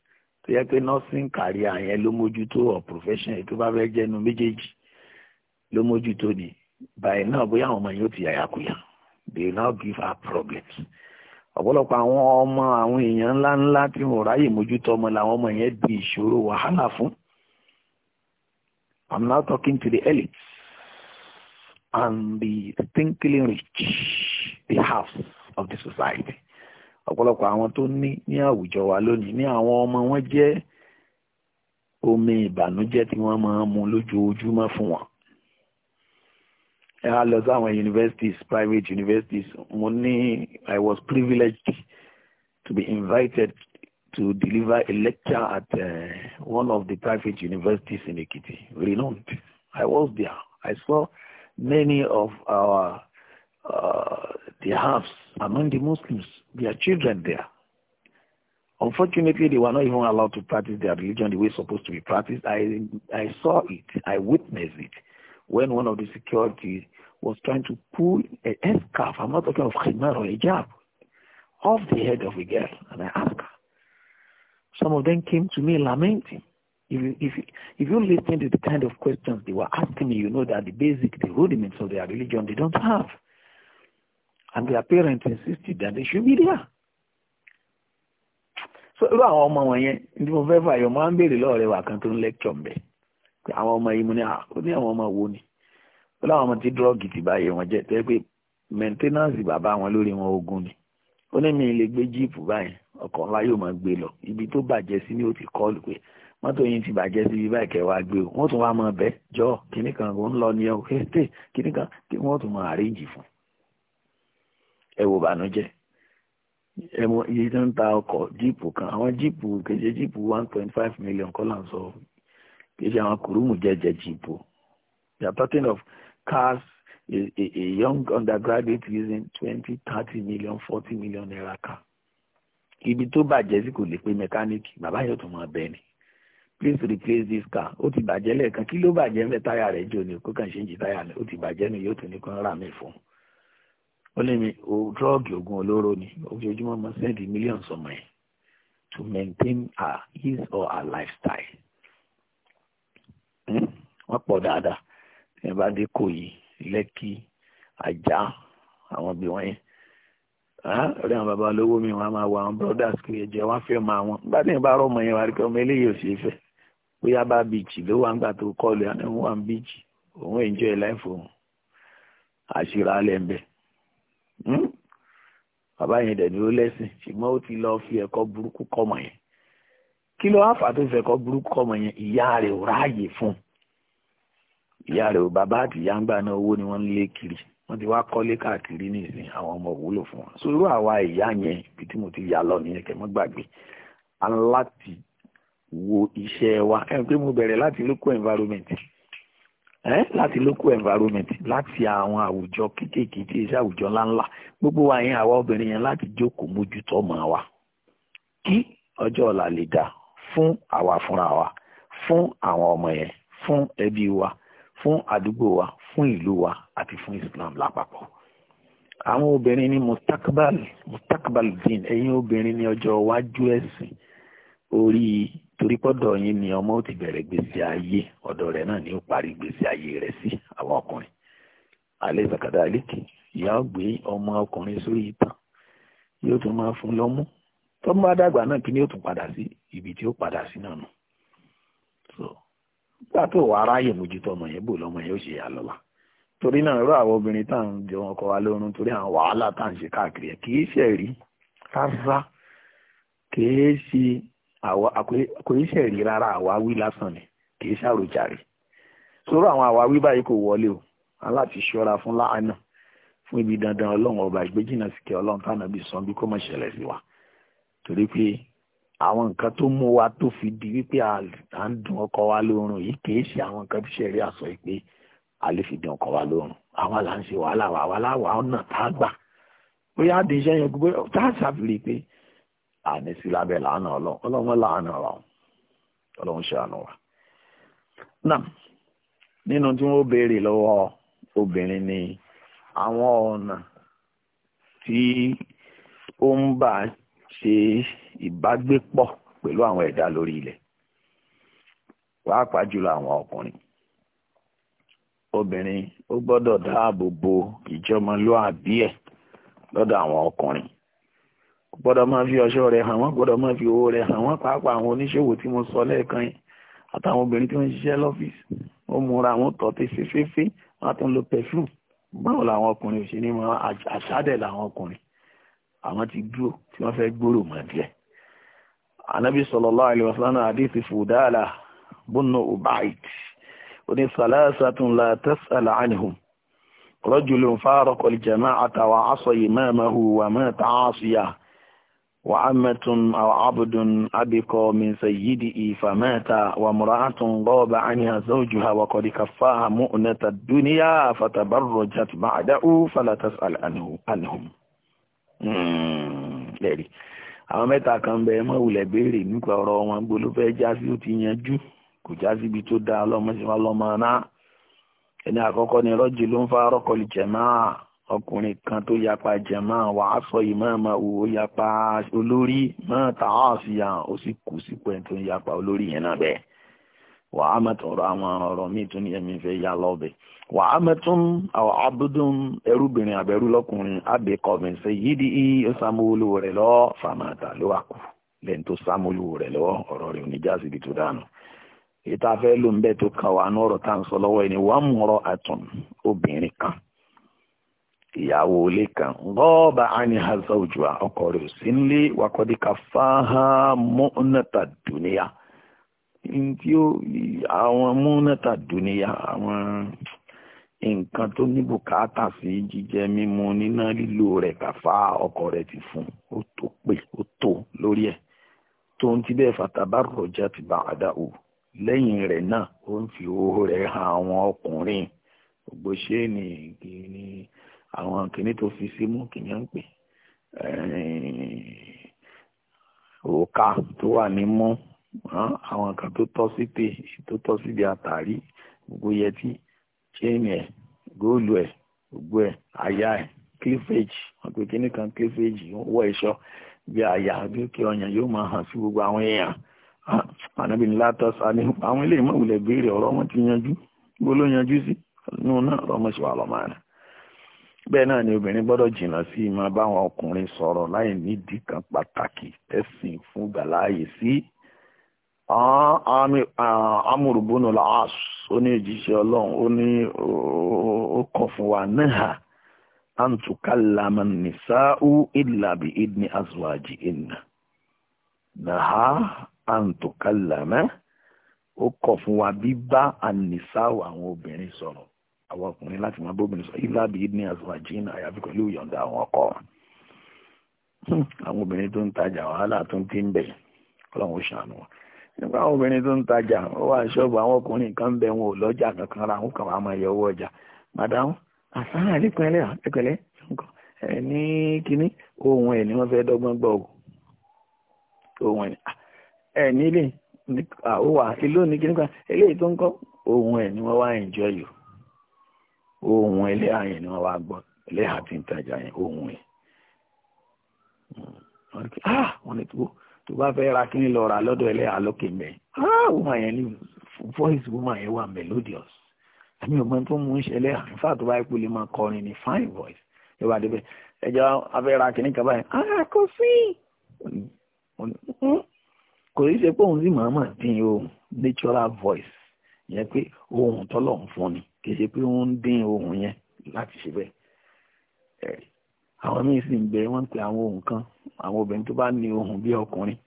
tó yẹ pé nursing career yẹn ló mójútó or profession yẹn tó bá fẹ́ jẹ́nu méjèèjì ló mójútó ni By now, bóyá àwọn ọmọ yóò ti yàyàkuyà they now give her problems ọ̀pọ̀lọpọ̀ àwọn ọmọ àwọn èèyàn ńláńlá tí wọn ráyè mójútó ọmọ làwọn ọmọ yẹn di ìṣòro wàhálà fún I'm now talking to the elites and the thinkingly rich the halves of the society ọ̀pọ̀lọpọ̀ àwọn tó ní ní àwùjọ wa lónìí ní àwọn ọmọ wọn jẹ́ omi ìbànújẹ́ tí wọ́n máa ń lójoojúmọ́ fún wọn At á universities private universities mo i was privileged to be invited to deliver a lecture at uh, one of the private universities in Ekiti, renowned. I was there. I saw many of our uh, the halves among the Muslims, their children there. Unfortunately, they were not even allowed to practice their religion the way it's supposed to be practiced. I, I saw it. I witnessed it when one of the security was trying to pull a scarf, I'm not talking of khimar or hijab, off the head of a girl. And I asked her. Some of them came to me lamenting. If you, if, if you listen to the kind of questions they were asking me, you know that the basic, the rudiments of their religion, they don't have. And their parents insisted that they should be there. So irú tó pé àwọn ọmọ yìí mo ní àkó ní àwọn ọmọ wo ni ó láwọn ọmọ tí dírọ́ọ̀gì ti báyé wọn jẹ́ tẹ́ pé mẹ́ńtẹ́nánsì bàbá wọn lórí wọn ogun ni ó ní mi lè gbé jíìpù báyìí ọkọ̀ ńlá yóò máa gbé lọ ibi tó bàjẹ́ sí ni ó ti kọ́ọ̀lù pé mọ́tò yìí ti bàjẹ́ sí ibi báyìí kẹwàá gbé o wọ́n tún wá máa bẹ́ jọ kíní kan ń lọ ní ọ kété kíní kan kí wọ́n tún máa àríjì fún ẹ wò bànújẹ́ ẹ mọ iye tó ń ta ọkọ̀ jíìpù kan àwọn jíìpù kejì jíìpù one point five million kọ́là ń sọ kì í ṣe àwọn kùrùmù jẹjẹ jìbò they are talking of cars a, a, a young undergraduate using 20, 30 million 40 million naira car ibi tó bàjẹ́ sí kò lè pe mẹkáníìkì bàbá yóò tún máa bẹ ni please replace this car ó ti bàjẹ́ lẹ́ẹ̀kan kí ló bàjẹ́ mẹ́ táyà rẹ̀ jò ní kó kàn ṣe ń jí táyà ni ó ti bàjẹ́ ni yóò tún ní kó ń rà mí fún ó lé mi drọ́ọ̀gì oògùn olóró ni ojoojúmọ́ mo send millions ọmọ ẹ̀ to maintain her his or her lifestyle wọ́n pọ̀ dáadáa tí wọ́n bá dé Ìkòyí Lẹ́kì Ajá àwọn ibi wọ̀nyẹn ọ̀rẹ́ àwọn baba olówó mi wọn a máa wọ àwọn brothers kiri ẹ̀jẹ̀ wọn fẹ́ máa wọn nígbà tí ìbára ọmọ yẹn wà rí pé ọmọ eléyìí ò ṣeé fẹ́ bóyá bá bíìchì ló wà ń gbà tó kọ́ọ̀lù yẹn òun wà bíìchì òun enjoy life òun àṣírà alẹ́ ń bẹ̀ hmm? bàbá yẹn dẹ̀ ni ó lẹ́sìn ṣùgbọ́n ó ti lọ fi ẹ̀kọ́ burúkú kọ́mọ yẹn kí ló wá fà tó fi ẹ̀kọ́ burúkú kọ́mọ yẹn ìyá rẹ̀ ò ráàyè fún un ìyá rẹ̀ ò bàbá àti ìyá ń gbà náà owó ni wọ́n ń lé kiri wọ́n ti wá kọ́lé káàkiri nìsín àwọn ọmọ wúlò fún wọn so irú àwa ìyá yẹn ibi tí mo ti yà lọ nìyẹn kẹ́ mọ́ gbàgbé aláti wo iṣẹ́ wa ẹ̀ pé mo bẹ̀rẹ̀ láti local environment ẹ́ láti local environment láti àwọn àwùjọ kéékèèké tí iṣẹ́ àwùjọ ńláńlá gbogbo wa yẹn àwa obìnrin yẹn láti jókòó mójútó ọmọ wa kí ọjọ́ ọ̀la lè dà fún àwa fúnra wa fún àwọn ọmọ yẹn fún ẹbí wa fún àdúgbò wa fún ìlú wa àti fún Islam lápapọ̀ àwọn obìnrin ní mustakbal mustakbal din ẹ̀yin obìnrin ní ọjọ́ iwájú ẹ̀sìn orí torí pọ́dọ̀ yín ni ọmọ ó ti bẹ̀rẹ̀ gbèsè ayé ọ̀dọ̀ rẹ̀ náà ni ó parí gbèsè ayé rẹ̀ sí àwọn ọkùnrin alẹ́ ìsàkàdà àlékè ìyá ó gbé ọmọ ọkùnrin sórí ìtàn yóò tún máa fún lọ́mú tọ́mú bá náà kí ni ó tún padà sí ibi tí ó padà sí náà nù gbà tó wà ráyè mójútó ọmọ yẹn bò lọmọ yẹn ó ṣe àlọ́lá torí náà rọ àwọn obìnrin tá à ń jẹ wọn kọ wa lórun torí àwọn wàhálà tá à ń ṣe káàkiri ẹ kì í ṣe rí rárá kì í ṣe kò í ṣe rí rárá àwáwí lásán ni kì í ṣàròjàre sọ̀rọ̀ àwọn àwáwí báyìí kò wọlé o aláti ṣọ́ra fún láàánà fún ibi dandan ọlọ́run ọba ìgbéjìnà sí kẹ tánà bí sàn bí kò mọ̀ ṣẹlẹ̀ sí wa torí pé àwọn nǹkan tó mú wa tó fi di wípé à ń dùn ọkọ wa lóorùn yìí kì í ṣe àwọn nǹkan bí ṣẹ̀rí àsọ yìí pé a lè fi dùn ọkọ wa lóorùn àwa là ń ṣe wàhálà wa àwa láwa ọ̀nà tá a gbà bóyá àdé iṣẹ́ yẹn gbogbo tá a ṣàfihàn pé àní sí lábẹ́ làánà ọlọ́run ọlọ́run làánà wa ọlọ́run ṣe àánú wa. náà nínú tí wọ́n béèrè lọ́wọ́ obìnrin ni àwọn ọ̀nà tí ó ń bà ṣe ìbágbépọ̀ pẹ̀lú àwọn ẹ̀dá lórí ilẹ̀ pàápàá jùlọ àwọn ọkùnrin obìnrin ó gbọ́dọ̀ dáàbò bo ìjọmọlúàbí ẹ̀ lọ́dọ̀ àwọn ọkùnrin kò gbọ́dọ̀ máa fi ọ̀ṣọ́ rẹ̀ hàn wọ́n gbọ́dọ̀ máa fi owó rẹ̀ hàn wọ́n pàápàá àwọn oníṣòwò tí mo sọ lẹ́ẹ̀kan yẹn àtàwọn obìnrin tí wọ́n ń ṣiṣẹ́ lọ́fíìsì ó múra àwọn tọ́tí fífífí wọ́n á tún lo pẹ̀fúm báwo làwọn ọkùnrin ò ṣe ní mọ́ àṣàdẹ̀ làwọn ọkùnrin àwọn ti dúró tí wọ́n fẹ́ gbòòrò mọ́ díẹ̀ anabi sallallahu alaihi wasallam hadith fudala bunu ubaid oni salasatun la tas'al anhum رجل فارق الجماعة وعصى إمامه ومات عاصيا وعمة أو عبد أبقى من سيده فمات وامرأة غاب عنها زوجها وقد كفاها مؤنة الدنيا فتبرجت بعده فلا تسأل عنه عنهم lẹ́rìí hmm, àwọn mẹ́ta kan bẹ ẹ mọ̀wùlẹ̀ béèrè nípa ọ̀rọ̀ wọn gbolo fẹ́ já sí ó ti yanjú kò já ibi tó dáa lọ́mọ sí wa lọ́mọ náà ẹni àkọ́kọ́ ni rọ́jì ló ń fa jẹ̀má ọkùnrin kan tó yapa jẹ̀má wàá sọ ó yapa olórí sí ya ó sì kù tó ń yapa olórí yẹn náà bẹ́ẹ̀ wàá mọ̀tọ̀rọ̀ wà á mẹ́tún àwọn abúdún ẹrúbìnrin àbẹ̀rú lọ́kùnrin abẹ́kọ̀bìn ṣe yídi í ó sàmúlò rẹ̀ lọ fàmàtà ló wà kù lẹ́yìn tó sàmúlò rẹ̀ lọ ọ̀rọ̀ rẹ̀ oníjà síbi tó dànù èyí tá a fẹ́ lò ń bẹ́ẹ̀ tó kà wà ní ọ̀rọ̀ tá à ń sọ lọ́wọ́ ẹni wà á mọ̀rọ̀ àtún obìnrin kan ìyàwó ilé kan rọ́ọ̀bà àní hazà òjò ọkọ rẹ̀ sí nílé wakọ̀díkà fáhámọ́nàtà dùníyà tí àwọn mọ́nàtà dùníyà àwọn nǹkan tó ní bùkátà sí jíjẹ mímu níná lílo rẹ̀ kàfá ọkọ rẹ̀ ti fún ó tó pé ó tó lórí ẹ̀ tó ń ti bẹ́ẹ̀ fàtàbà rọ̀jà ti bá àdá o lẹ́yìn náà ó ń fi owó rẹ̀ han àwọn ọkùnrin gbogbo ṣé ni kìíní àwọn kìíní tó fi símú kìíní ń pè òòka tó wà ní mú àwọn kan tó tọ́ sí tó tọ́ síbi àtàrí gbogbo yẹtí chain ẹ̀ góòlù ẹ̀ ògbó ẹ̀ àyà ẹ̀ cleavage kan cleavage wọ iṣọ bí aya bí oke ọyàn yóò máa hàn sí gbogbo àwọn èèyàn ànábì ńlá ni àwọn ilé ìmọ̀ ìwòlẹ̀ béèrè ọ̀rọ̀ ọmọ ti yanjú gbogbo ló yanjú sí náà lọ́mọ rẹ̀ bẹ́ẹ̀ náà ni obìnrin gbọ́dọ̀ jìnnà sí báwọn ọkùnrin sọ̀rọ̀ láì nídìí kan pàtàkì fún gbàláàyè sí Ah, amúrùbónú ah, làás ó ní ìjíṣẹ́ ọlọ́run ó ní ó kọ̀ fún wa náà antukallama nisa'u illa bi idni azwaji inna naha antukallama ó kọ̀ fún wa bíbá ànisa'u àwọn obìnrin sọ̀rọ̀ àwọn ọkùnrin láti máa bóbìnrin sọ illa bi idni azwaji inna àyàfi pẹ̀lú ìyọ̀ǹda àwọn ọkọ hmm, àwọn obìnrin tó ń tajà wàhálà tó ń ti ń bẹ̀ ọlọ́run ó ṣàánú wọn. nípa àwọn obìnrin tó ń tajà ó wà ṣọ́ọ̀bù àwọn ọkùnrin kan bẹ wọn ò lọ́jà kankan ra àwọn kan ọjà madam kínní ohun ẹ̀ ni wọ́n kan eléyìí tó ń kọ́ ohun ẹ̀ ni wọ́n wá enjoy yìí ohun yẹn ni wọ́n wá gbọ́ ń hmm, ah, wọ́n tó tó bá fẹ́ ra kíní lọ rà lọ́dọ̀ ẹlẹ́yà lókè mẹ́ ah, wọ́n yẹn ní voice woman yẹn wà melodious àmì ọgbọ́n tó mú ń ṣẹlẹ̀ in tó bá ipò lè máa kọrin ní fine voice ẹ wà débẹ̀ ẹjọ́ afẹ́ ra kíní kan báyìí ah kò sí hmm? kò ní ṣe pé òun sì mọ̀ọ́mọ̀ dín ohun natural voice yẹn pé ohun tọ́lọ̀ ń fún ni kì í ṣe pé ó dín ohun yẹn láti ṣe bẹ́ẹ̀ àwọn míì sì ń bẹ wọ́n ń pe àwọn ohun kan àwọn obìnrin tó bá ní ohun bí ọkùnrin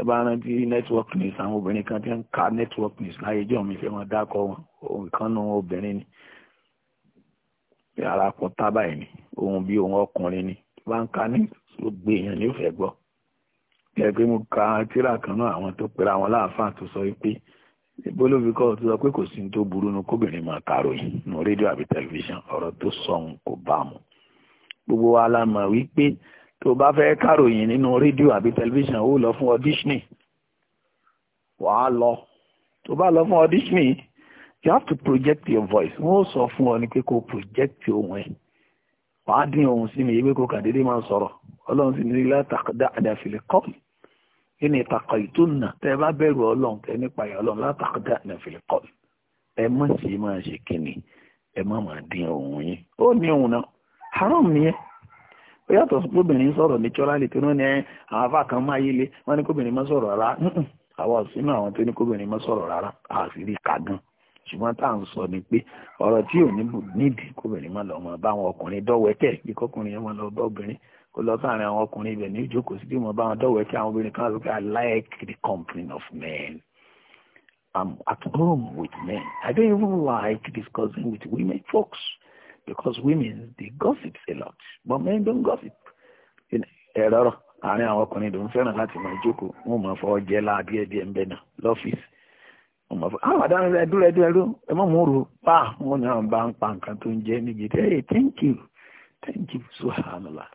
ẹ bá rántí network news àwọn obìnrin kan tí ń ka network news láyé jọ mi fẹ́ wọn dákọ wọn ohun kan nu obìnrin ni bí ara pọ̀ tábà ẹ̀ ni ohun bí ohun ọkùnrin ni tó bá ń ka ní gbogbo èèyàn ni ó fẹ́ gbọ́ ẹ pé mo ka tíra kan náà àwọn tó pera àwọn láàfáà tó sọ wípé bólófikọ́ tó sọ pé kò sí ní tó burú nu kóbìnrin máa kàròyìn nu rédíò àbí tẹlifíṣàn ọ̀rọ̀ tó sọ kò bá mu gbogbo wa la mọ̀ wípé tó bá fẹ́ káròyìn nínú rédíò àbí tẹlifíṣàn ó lọ fún ọdíṣnì wàá lọ tó bá lọ fún ọdíṣnì you have to project your voice wọ́n ó sọ fún ọ ní pé kó project ohun ẹ̀ wàá dín ohun sí mi ìwé kó kàn déédéé máa ń sọ̀rọ̀ ọlọ́run sì ní ilé àtàkọ́dá àdàfilẹ̀ kọ́ ìní ìtàkọ̀ ìtúnà tẹ́ ẹ bá bẹ̀rù ọlọ́run tẹ́ nípa ìyá ọlọ́run látàkọ́dá àdàfilẹ̀ kọ́ ẹ mọ̀ sí máa ṣe kínni ẹ má máa dín ohun yín ó ní ohun náà haram ni ó yàtọ̀ sí kóbìnrin sọ̀rọ̀ naturally tó náà ní eh, àwọn afá kan máa yílé wọ́n ní kóbìnrin má sọ̀rọ̀ rárá àwa ò sínú àwọn tó ní kóbìnrin sọ̀rọ̀ rárá gan ṣùgbọ́n sọ ni pé ọ̀rọ̀ tí ò ní nídìí kóbìnrin má lọ mọ báwọn ọkùnrin yẹn lọ kó lọ sáàrin àwọn ọkùnrin ibẹ̀ sí of men at home because women dey gossip a lot but men don't gossip ẹ̀rọ̀rọ̀ eh, àárín àwọn ọkùnrin ló fẹ́ràn láti máa jókòó wọn máa fọ ọjẹ́ láàbí ẹ̀dí ẹ̀ ń bẹ̀ náà lọ́fíìsì wọn máa fọ àwọn àdáni rẹ ẹ rò pa wọn ni bá ń pa thank you thank you subhanallah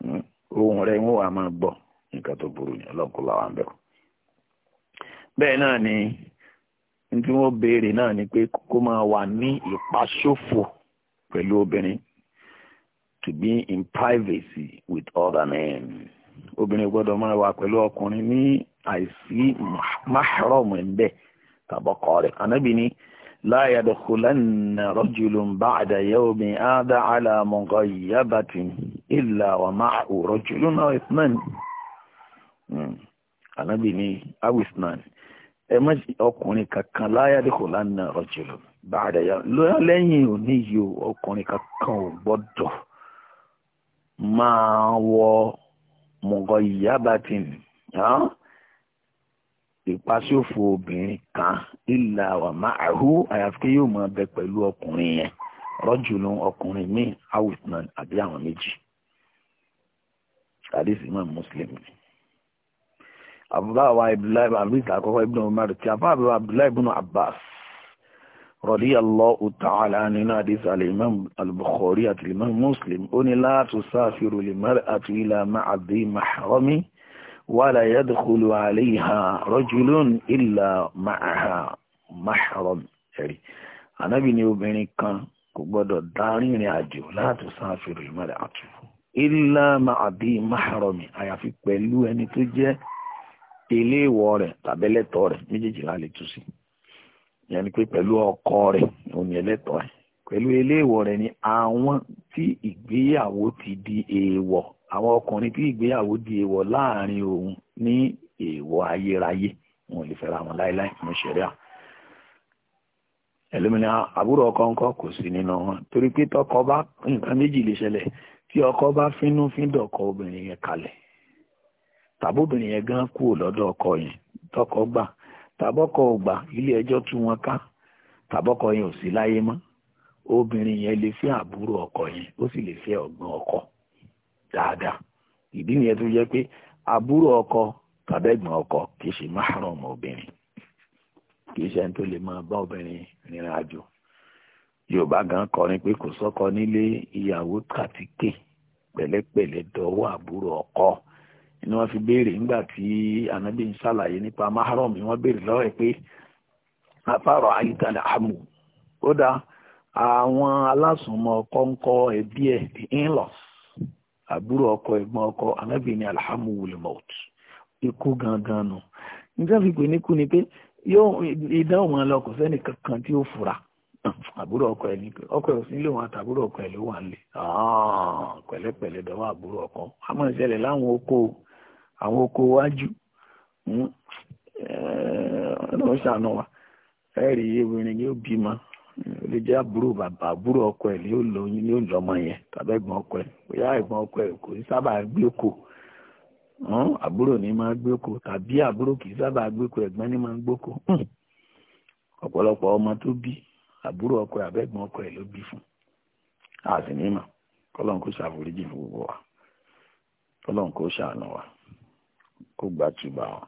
hmm, ohun rẹ wọn wà máa gbọ́ nǹkan tó burú ni làwọn bẹ̀rù bẹ́ẹ̀ náà ni. ní tí wọ́n béèrè náà ni pé kó máa wà ní ìpaṣòfò pẹ̀lú obìnrin to be in privacy with other men obìnrin gbọ́dọ̀ máa wà pẹ̀lú ọkùnrin ní àìsí mahram ẹ̀ńbẹ́ tàbọ̀kọ rẹ̀ anábì ni la yadkhulanna rajulun ba'da yawmi hadha ala mughayyabatin illa wa ma'ahu rajulun aw ithnan anábì hmm. ni aw ẹ má ṣe ọkùnrin kankan láyàdìkò lánàá rọjòló bàdàyà lẹ́yìn òní yìí ọkùnrin kankan ò gbọ́dọ̀ máa wọ mọ̀gọ́ ìyábàtì ìpasòfò obìnrin kan ìlà wà máa hù àyàfi kí yóò máa bẹ pẹ̀lú ọkùnrin yẹn rọjòló ọkùnrin míì awùsùn àbí àwọn méjì àdìsí mọ́ Muslim ni àbúbáwá abdullahi abdullahi àkọ́kọ́ ibn umar ti àbáwá abdullahi ibn abbas radiyallahu ta'ala nínú àdísà al-imam al-bukhari àti al-imam muslim ó ní la tusafiru al-mar'atu ila ma'adhi mahrami wala yadkhulu alayha rajulun illa ma'aha mahram ẹ̀rí anábì ni obìnrin kan kò gbọ́dọ̀ dárin ìrìn àjò láti sáfìrì al-mar'atu illa ma'adhi mahrami àyàfi pẹ̀lú ẹni tó jẹ́ ilé ìwọ rẹ̀ tàbí ẹlẹ́tọ̀ rẹ̀ méjèèjì la lè tú sí ìyẹn ni pé pẹ̀lú ọkọ rẹ̀ òun ẹlẹ́tọ̀ rẹ̀ pẹ̀lú ilé ìwọ rẹ̀ ni àwọn tí ìgbéyàwó ti di èèwọ̀ àwọn ọkùnrin tí ìgbéyàwó di èèwọ̀ láàrin òun ní èèwọ̀ ayérayé wọn ò lè fẹ́ra wọn láéláé ní ṣẹ̀ríà ẹlòmínà àbúrò ọkọ ńkọ́ kò sí nínú wọn torí pé tọkọ bá nǹkan méjì lè ṣẹlẹ̀ tí ọkọ bá fínú fíndọ̀kọ obìnrin yẹn kalẹ̀ tàbóbìnrin yẹn gan kúrò lọ́dọ̀ ọkọ yẹn tọkọ gbà tàbọ́kọ ò ilé ẹjọ́ tún wọn ká tàbọ́kọ yẹn ò sí láyé mọ́ obìnrin yẹn lè fẹ́ àbúrò ọkọ yẹn ó sì lè fẹ́ ọ̀gbọ́n ọkọ dáadáa ìdí nìyẹn tó ọkọ tàbẹ́gbọ̀n ọkọ kì í ṣe obìnrin kì í ṣe ẹni tó lè máa bá obìnrin rìnrìn àjò yorùbá gan kọrin pé kò nílé ọkọ ni wọ́n fi béèrè nígbà tí ànábì ń ṣàlàyé nípa mahram wọ́n béèrè lọ́wọ́ ẹ̀ pé afárọ̀ ayíkàlẹ̀ àmù ó dá àwọn alásùnmọ̀ ọkọ ẹbí ẹ̀ the in-laws àbúrò ọkọ ẹ̀gbọ́n ọkọ ànábì ní alhamu wilmot ikú gangan nù nígbà fi pè ní ni pé yóò ìdáhùn wọn lọ kò sẹ́ni kankan tí ó fura àbúrò ọkọ ẹ̀ ní pé ọkọ ẹ̀ sílé wọn àtàbúrò ọkọ ẹ̀ ló wà àbúrò ọkọ láwọn oko àwọn oko wájú hmm, eh, ọlọ́run ṣàánú wa ẹ rí obìnrin yóò bímọ hmm, ó lè àbúrò bàbá àbúrò ọkọ ẹ̀ yóò lóyún yóò yẹn tàbí ẹ̀gbọ́n ọkọ ẹ̀ bóyá ọkọ kò sábà gbé oko hmm, àbúrò ní máa gbé oko tàbí àbúrò kì í sábà gbé oko ní máa ọ̀pọ̀lọpọ̀ ọmọ tó bí àbúrò ọkọ ọkọ fún kọ́lọ́n ṣàforíjì fún gbogbo wa kọ́lọ́n ṣàánú wa. kó gbà túbà wọn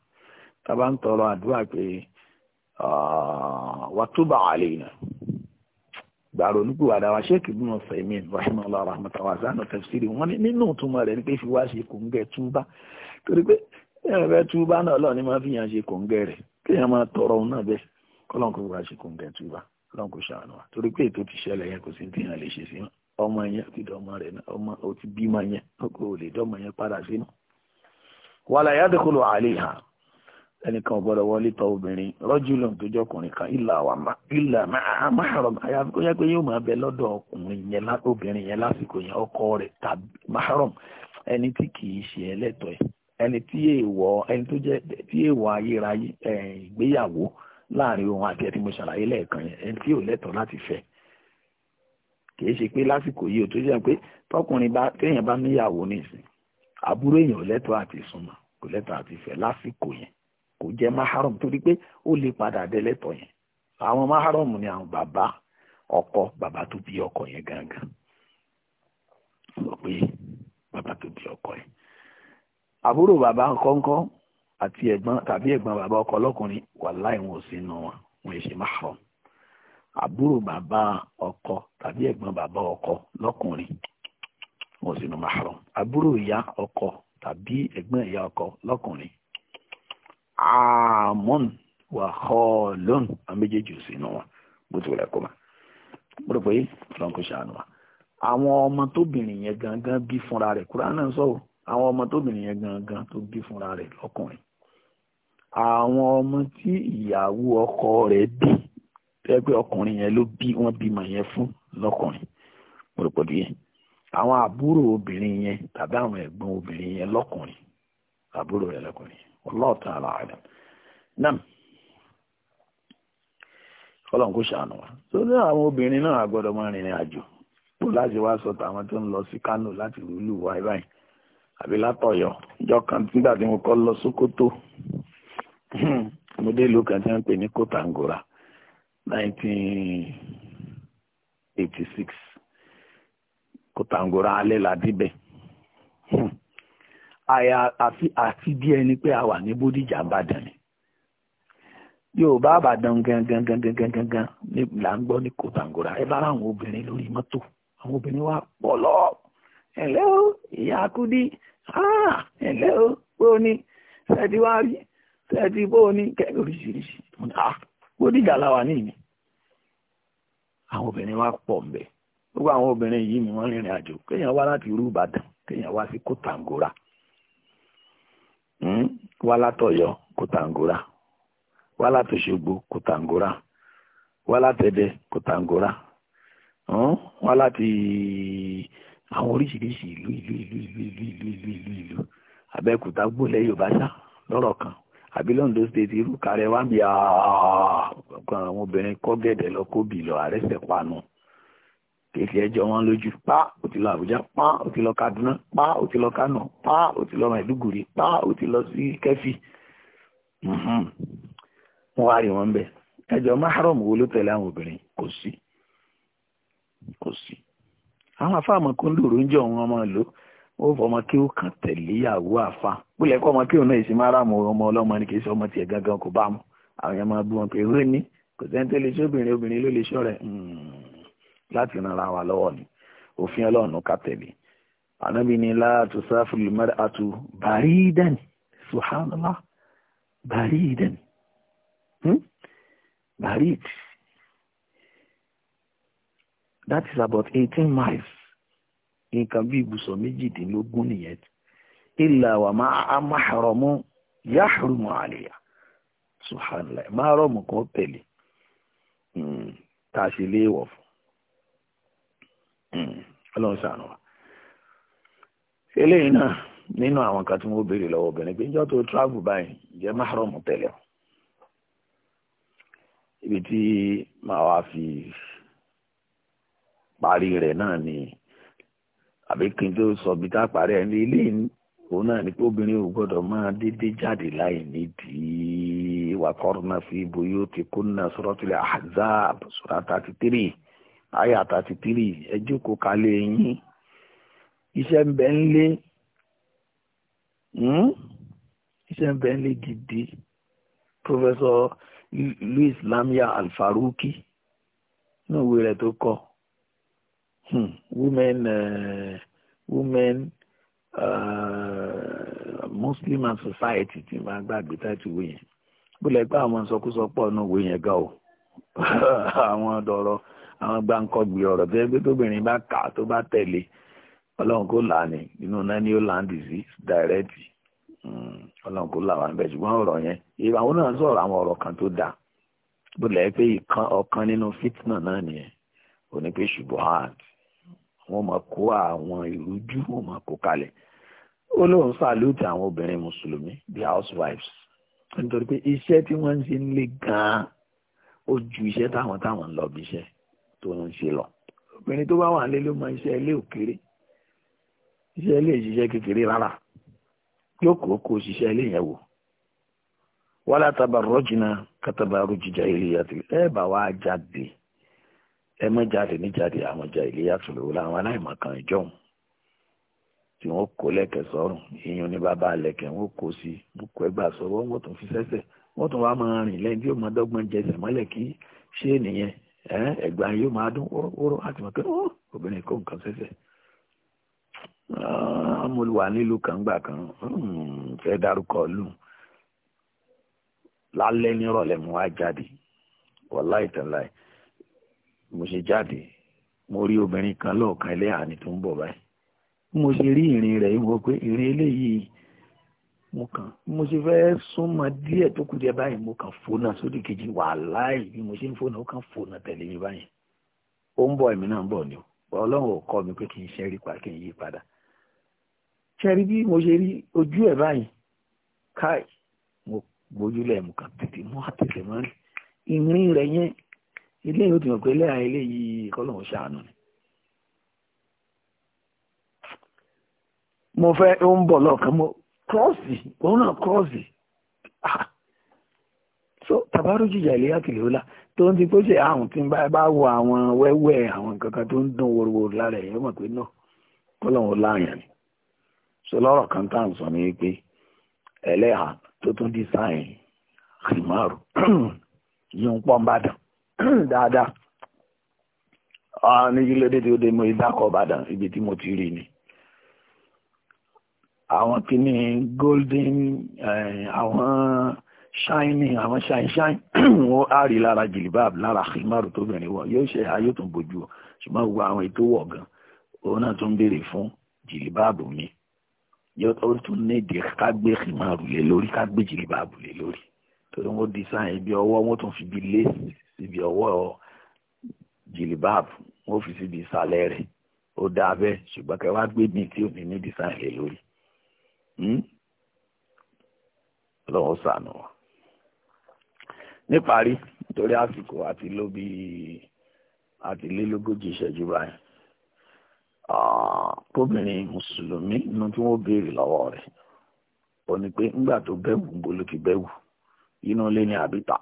tábà ń tọrọ àdúrà pé wà túbà wà lè yàn gbàrò nípò àdáwà ṣéèkì bí wọn fẹmí rahimahullah rahmatawa sanu tafsiri wọn nínú ìtumọ̀ rẹ̀ ni pé fi wá ṣe kòńgẹ́ túbà torí pé èèyàn fẹ́ túbà náà lọ ni máa fi yàn ṣe kòńgẹ́ rẹ̀ kéèyàn máa tọrọ òun náà bẹ́ẹ̀ kọlọ́n kò wá ṣe kòńgẹ́ túbà kọlọ́n kò ṣàánú wa torí pé ètò ti ṣẹlẹ̀ yẹn kò sí ti hàn lè ṣe sí ọmọ yẹn ti dọmọ rẹ̀ ọmọ òtí bímọ yẹn kò lè dọmọ yẹn padà sínú wàlà yàdùkúlù àléhà ẹnìkan ọ̀bọ̀dọ̀ wọlé tọ obìnrin rọ́júlọ̀ tó jọkùnrin kan ìlà máhàrọ̀ ó yẹ pé yóò máa bẹ lọ́dọ̀ ọkùnrin yẹn obìnrin yẹn lásìkò yẹn ọkọ rẹ̀ tàbí máhàrọ̀ ẹni tí kì í ṣe ẹlẹ́tọ̀ọ́ ẹni tí èèwọ̀ ẹni tó jẹ́ tí èèwọ̀ ayérayé ìgbéyàwó láàrin òun àti ẹtí mo ṣàlàyé lẹ́ẹ̀kan yẹn ẹni tí ò lẹ́tọ̀ọ́ láti fẹ́ kì ṣe pé lásìkò yìí ò tó jẹ́ pé tọkùnrin bá téèyàn bá níyàwó nísìn àbúrò èèyàn lẹ́tọ̀ọ́ àti súnmọ́ kò lẹ́tọ̀ọ́ àti fẹ́ lásìkò yẹn kò jẹ́ maharam torí pé ó lè padà dé lẹ́tọ̀ọ́ yẹn àwọn maharam ni àwọn bàbá ọkọ bàbá tó bí ọkọ yẹn gangan sọ pé bàbá tó bí ọkọ yẹn àbúrò bàbá kọ́ńkọ́ àti ẹ̀gbọ́n tàbí ẹ̀gbọ́n bàbá ọkọ ọlọ́kùnrin wàláhì wọn ò sí inú wọn wọn ṣe maharam àbúrò bàbá ọkọ tàbí ẹ̀gbọ́n bàbá ọkọ lọ́kùnrin wọn ò sínú mahram àbúrò ìyá ọkọ tàbí ẹ̀gbọ́n ìyá ọkọ lọ́kùnrin àmọ́n wà khalun àméjèèjì ò sínú wọn bó ti wọlé kó ma mo rò pé ọlọ́run ṣàánú wa àwọn ọmọ tóbìnrin yẹn gangan bí fúnra rẹ̀ kúrán náà sọ̀rọ̀ àwọn ọmọ tóbìnrin yẹn gangan tó bí fúnra rẹ̀ lọ́kùnrin àwọn ọmọ tí ìyàwó ọkọ rẹ̀ bí tẹ́gbẹ́ ọkùnrin yẹn ló bí wọ́n bímọ yẹn fún lọ́kùnrin mo rò pé àwọn àbúrò obìnrin yẹn tàbí àwọn ẹ̀gbọ́n obìnrin yẹn lọ́kùnrin àbúrò rẹ̀ lọ́kùnrin Allahu ta'ala a'lam nam ọlọ́run kò ṣàánú wa tó ní àwọn obìnrin náà àgbọ́dọ̀ máa rìnrìn àjò kó láti wá sọ tàwọn tó ń lọ sí Kánò láti lùlù wá báyìí àbí látọ̀yọ́ ìjọ kan nígbà tí mo kọ́ lọ Sókótó mo dé ìlú kan tí wọ́n ń pè ní Kòtàngórà 1986 kò tàǹgòrà alẹ́ la débẹ̀ hmm. àfi bí ẹni pé a wà ní bódìjà àbàdàn ni yorùbá àbàdàn gangan gangan gangan gangan là ń gbọ́ ní kò tàǹgòrà ẹ bá ráwọn obìnrin lórí mọ́tò àwọn obìnrin wa pọ̀ lọ ẹ̀lẹ́ ah, o ìyá kúdí ẹ̀lẹ́ o bó ni ṣẹ́ẹ̀tì wá rí ṣẹ́ẹ̀tì bó ni kẹ́kẹ́ oríṣiríṣi ah, bódìjà làwà ní ìní àwọn obìnrin wa pọ̀ mbẹ́ gbogbo àwọn obìnrin yìí ni wọ́n rìnrìn àjò kéèyàn wá láti irú ìbàdàn kéèyàn wá sí kòtàngórà hmm? wá látọ̀yọ́ kòtàngórà wá látòṣogbo kòtàngórà wá látẹ̀dẹ kòtàngórà hmm? wá láti àwọn oríṣiríṣi ìlú ìlú ìlú ìlú ìlú ìlú ìlú ìlú ìlú abẹ́òkúta gbólẹ̀ yorùbá sá lọ́rọ̀ kan àbí London state irú kárẹ̀ wá bí àwọn obìnrin kọ́gẹ̀dẹ̀ lọ kóbì lọ àrẹ́sẹ̀ panu kèsì ẹjọ́ wọn lójú pa ó ti Àbújá pa ó ti Kaduna pa ó ti Kano pa ó ti lọ Maiduguri pa ó ti lọ sí Kẹ́fì mhm. wọ́n wá rí wọn bẹ́ẹ̀ ẹjọ́ mahram wo ló tẹ̀lé àwọn obìnrin kò sí kò sí àwọn afáàmọ̀ kan lòrò ń jọ wọn máa lò ó fọmọ kí ó kàn tẹ̀lé ìyàwó àfa pílẹ̀ kọ́ ọmọ kí òun náà ìsìn mahram ọmọ ọlọ́mọ ni kì í sọ ọmọ tiẹ̀ gangan kò bá mu àwọn yẹn máa bú wọn pé rẹ́ni kò sẹ́ni lè ṣe obìnrin obìnrin ló lè ṣọ́ rẹ̀ hmm láti ran ara wa lọ́wọ́ ni òfin ọlọ́run ká tẹ̀lé ànábì ni láàtú sáfìlì mẹ́rẹ́ àtú bàrí dẹ́ni subhanallah bàrí dẹ́ni bàrí tì that is about eighteen miles nǹkan bí ibùsọ̀ méjìdínlógún nìyẹn ilà wà máa máhàrọ̀mú yáhùrùmù àlèyà subhanallah máhàrọ̀mù kan tẹ̀lé hmm. tá a ṣe léèwọ̀ fún. Hmm. ọlọ́run ṣàánú wa eléyìí náà nínú àwọn kan tí wọ́n béèrè lọ́wọ́ obìnrin pé njọ́ tó travel báyìí jẹ́ mahram tẹ́lẹ̀ ibi tí màá wá fi parí rẹ̀ náà ni àbí kí n tó sọ bí tá a parí ẹ̀ ní ilé òun náà ni pé obìnrin ò gbọ́dọ̀ máa dédé jáde láì nídìí wàkọ́rọ́nà fi ibo yóò ti kó náà suratul Ahzab sura thirty three àyà thirty three ẹ jókòó kalẹ̀ yín iṣẹ́ ń bẹ ń lé hmm? iṣẹ́ ń bẹ ń lé gidi professor Louis Lamia Al-Farouki ní òwe rẹ̀ tó kọ hmm. women uh, women uh, Muslim and society tí máa gbàgbé táìtì wé yẹn bó lẹ gbá àwọn sọkúsọ pọ̀ náà wé yẹn gan o àwọn dọ̀rọ̀ àwọn gbáǹkọ́gbì ọ̀rọ̀ tó yẹ pé tóbìnrin bá kà tó bá tẹ̀lé ọlọ́run kò là ní inú náà ni ó là ń dìsí dàrẹ́tì hmm, ọlọ́run kò là wà níbẹ̀ ṣùgbọ́n ọ̀rọ̀ yẹn àwọn náà sọ̀rọ̀ àwọn ọ̀rọ̀ kan tó dáa bó lẹ́ pé ọ̀kan nínú fitna náà nìyẹn ò ní pé ṣubuhat wọ́n máa kó àwọn ìrújú wọ́n máa kó kalẹ̀ ó lóun salute àwọn obìnrin mùsùlùmí the housewives nítorí pé iṣẹ́ tí wọ́n ń ṣe ń le gan-an ó ju iṣẹ́ táwọn táwọn ń lọ bí iṣẹ́ tó ń ṣe lọ obìnrin tó bá wà nílé ló mọ iṣẹ́ ilé òkèrè iṣẹ́ ilé ìṣiṣẹ́ kékeré rárá yóò kó ilé yẹn wò wala tabarrujna katabarruji jahiliyati ẹ bá wa jáde ẹ má jáde níjáde àwọn tí kó ní bàbá kó sí ẹgbà tún fi tún máa rìn tí máa kí ṣé ẹgbà yóò máa dún wóró láti mọ̀ pé ó obìnrin kó nǹkan ṣẹ̀ṣẹ̀ ah, mo wà nílùú kan gbà kan hmm, fẹ́ dárúkọ lù lálẹ́ nírọ̀lẹ́ mo wá jáde wàláì tàláì mo ṣe jáde mo rí obìnrin kan lọ́ọ̀kan ilé àní tó ń bọ̀ báyìí mo ṣe rí ìrìn rẹ̀ ìwọ pé ìrìn eléyìí mo kàn mo ṣe fẹ́ súnmọ́ díẹ̀ tó kù díẹ̀ báyìí mo kàn fònà sódì kejì wàláì bí mo ṣe ń fònà ó kàn fònà tẹ̀lé mi báyìí ó ń bọ̀ èmi náà ń bọ̀ ni o ọlọ́run ò kọ́ mi pé kì í ṣe rí pa kì í yí padà ṣe bí mo ṣe rí ojú ẹ̀ báyìí káì mo gbójúlẹ̀ mo kàn tètè mọ́ àtẹ̀tẹ̀ mọ́ rí ìrìn rẹ̀ yẹn ilé yìí ó ti mọ̀ pé lẹ́yà eléyìí kọ́lọ́run ṣàánú ni mo fẹ́ ó ń bọ̀ lọ́ọ̀kan mo kírọ́ọ̀sì òun náà kírọ́ọ̀sì ah. so tàbárùjì tó ń ti pé ṣe àwọn tí bá wo àwọn wẹ́wẹ́ àwọn nǹkan tó ń dùn wòrowòrò lára ẹ̀yọ́ ni so lọ́rọ̀ kan tá à ń sọ ẹlẹ́hà tó tún yìí ń pọ́n bàdàn ah, ní ibi tí mo ti àwọn kìíní golden eh, àwọn shining àwọn shine shine wọ́n á rí lára jìlìbáàb lára himaru tó bẹ̀rẹ̀ wọ̀ yóò ṣe ayé tó bójú ọ ṣùgbọ́n gbogbo àwọn ètò wọ̀ gan òun náà tún béèrè fún jìlìbáàbù mi yóò tó tún nídìí ká gbé himaru lé lórí ká gbé jìlìbáàbù lé lórí torí wọ́n design ibi ọwọ́ wọ́n tún fi bi lé síbi ọwọ́ jìlìbáàbù wọ́n fi síbi ìsàlẹ̀ rẹ̀ ó dáa bẹ́ẹ̀ ṣùgbọ́n kẹwàá gbé mi tí ò ní ní Hmm? ọlọ́run ṣàánú ọ níparí nítorí àsìkò àti lóbi àti lélógójì ìṣẹ́jú báyìí kóbìnrin mùsùlùmí inú tí wọ́n béèrè lọ́wọ́ rẹ̀ ó ní pé ńgbà tó bẹ́wù ń bolókì bẹ́wù inú ilé àbíta.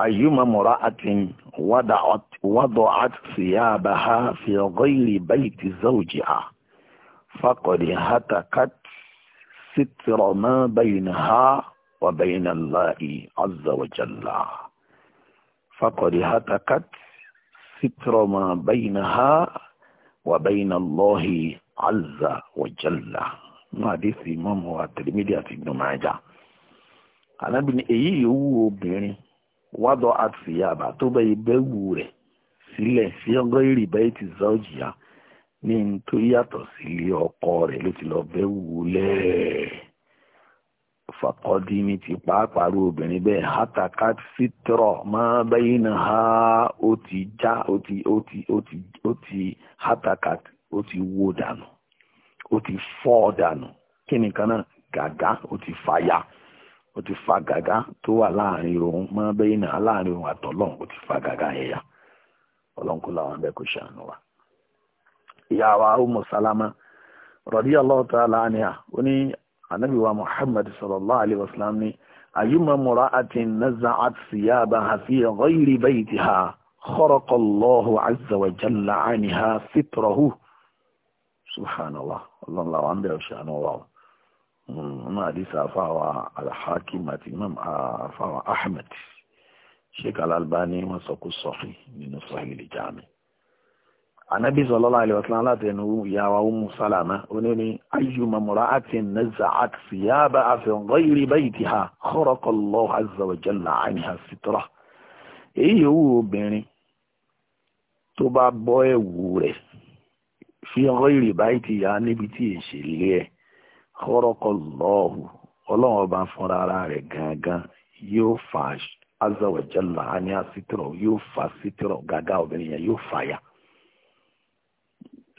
أيما امرأة وضعت وضعت ثيابها في غير بيت زوجها فقد هتكت ستر ما بينها وبين الله عز وجل فقد هتكت ستر ما بينها وبين الله عز وجل نعم، حديث إمام الترمذي في ابن ماجه أنا بن أيي obìnrin wa dọ agba atọ bụ ibe wuu rẹ sịlị fiyeoro iri bee i ti zau zia nden nto ihe atọ sịlị ọ kpọọ rẹ i ti lọ baa ibe wuu léé ti kpaa kparoo benin ben sitrọ ma bayi na ha o ti ja o ti o ti o ti ha ta ka o ti woo danu nọ o ti fọọ da nọ kemikana ga o ti faya. ó ti fa gàgá tó wà láàrin òun mọ́ bẹ́yìn náà láàrin òun àtọ́lọ́n ó ti fa gàgá yẹn yá ọlọ́run kó làwọn bẹ́ẹ̀ kó ṣàánú wa. ìyá wa Ummu Salama radiyallahu ta'ala anha ó ní anabi wa Muhammad sallallahu alayhi wa sallam ní ayyuma mura'atin nazza'at siyabaha fi ghayri baytiha kharaqa Allahu azza wa jalla anha sitrahu subhanallah ọlọ́run làwọn bẹ́ẹ̀ ṣàánú wa. Hmm, ọmọ àdìsá afáwa alhakim àti imam afáwa ahmed sheikh alalbani wọn sọ kó sọfí nínú sọhí lè jáàmì anabi sallallahu alaihi wasallam láti ẹnu ìyàwó umu salama oní ní ayyuma mura'atin naza'at siyaba afin ghayri baytiha kharaqa Allahu azza wa jalla anha sitra èyí yòówù obìnrin tó bá bọ́ ẹ̀wù rẹ̀ fi ghayri baytiha níbi tí èṣèlé ẹ̀ kọ́rọ́kọ́lọ́hù ọlọ́run ọba fúnra ara rẹ̀ gangan yóò fa azza wa jalla yóò fa sitiro gàgà obìnrin yẹn yóò fa ya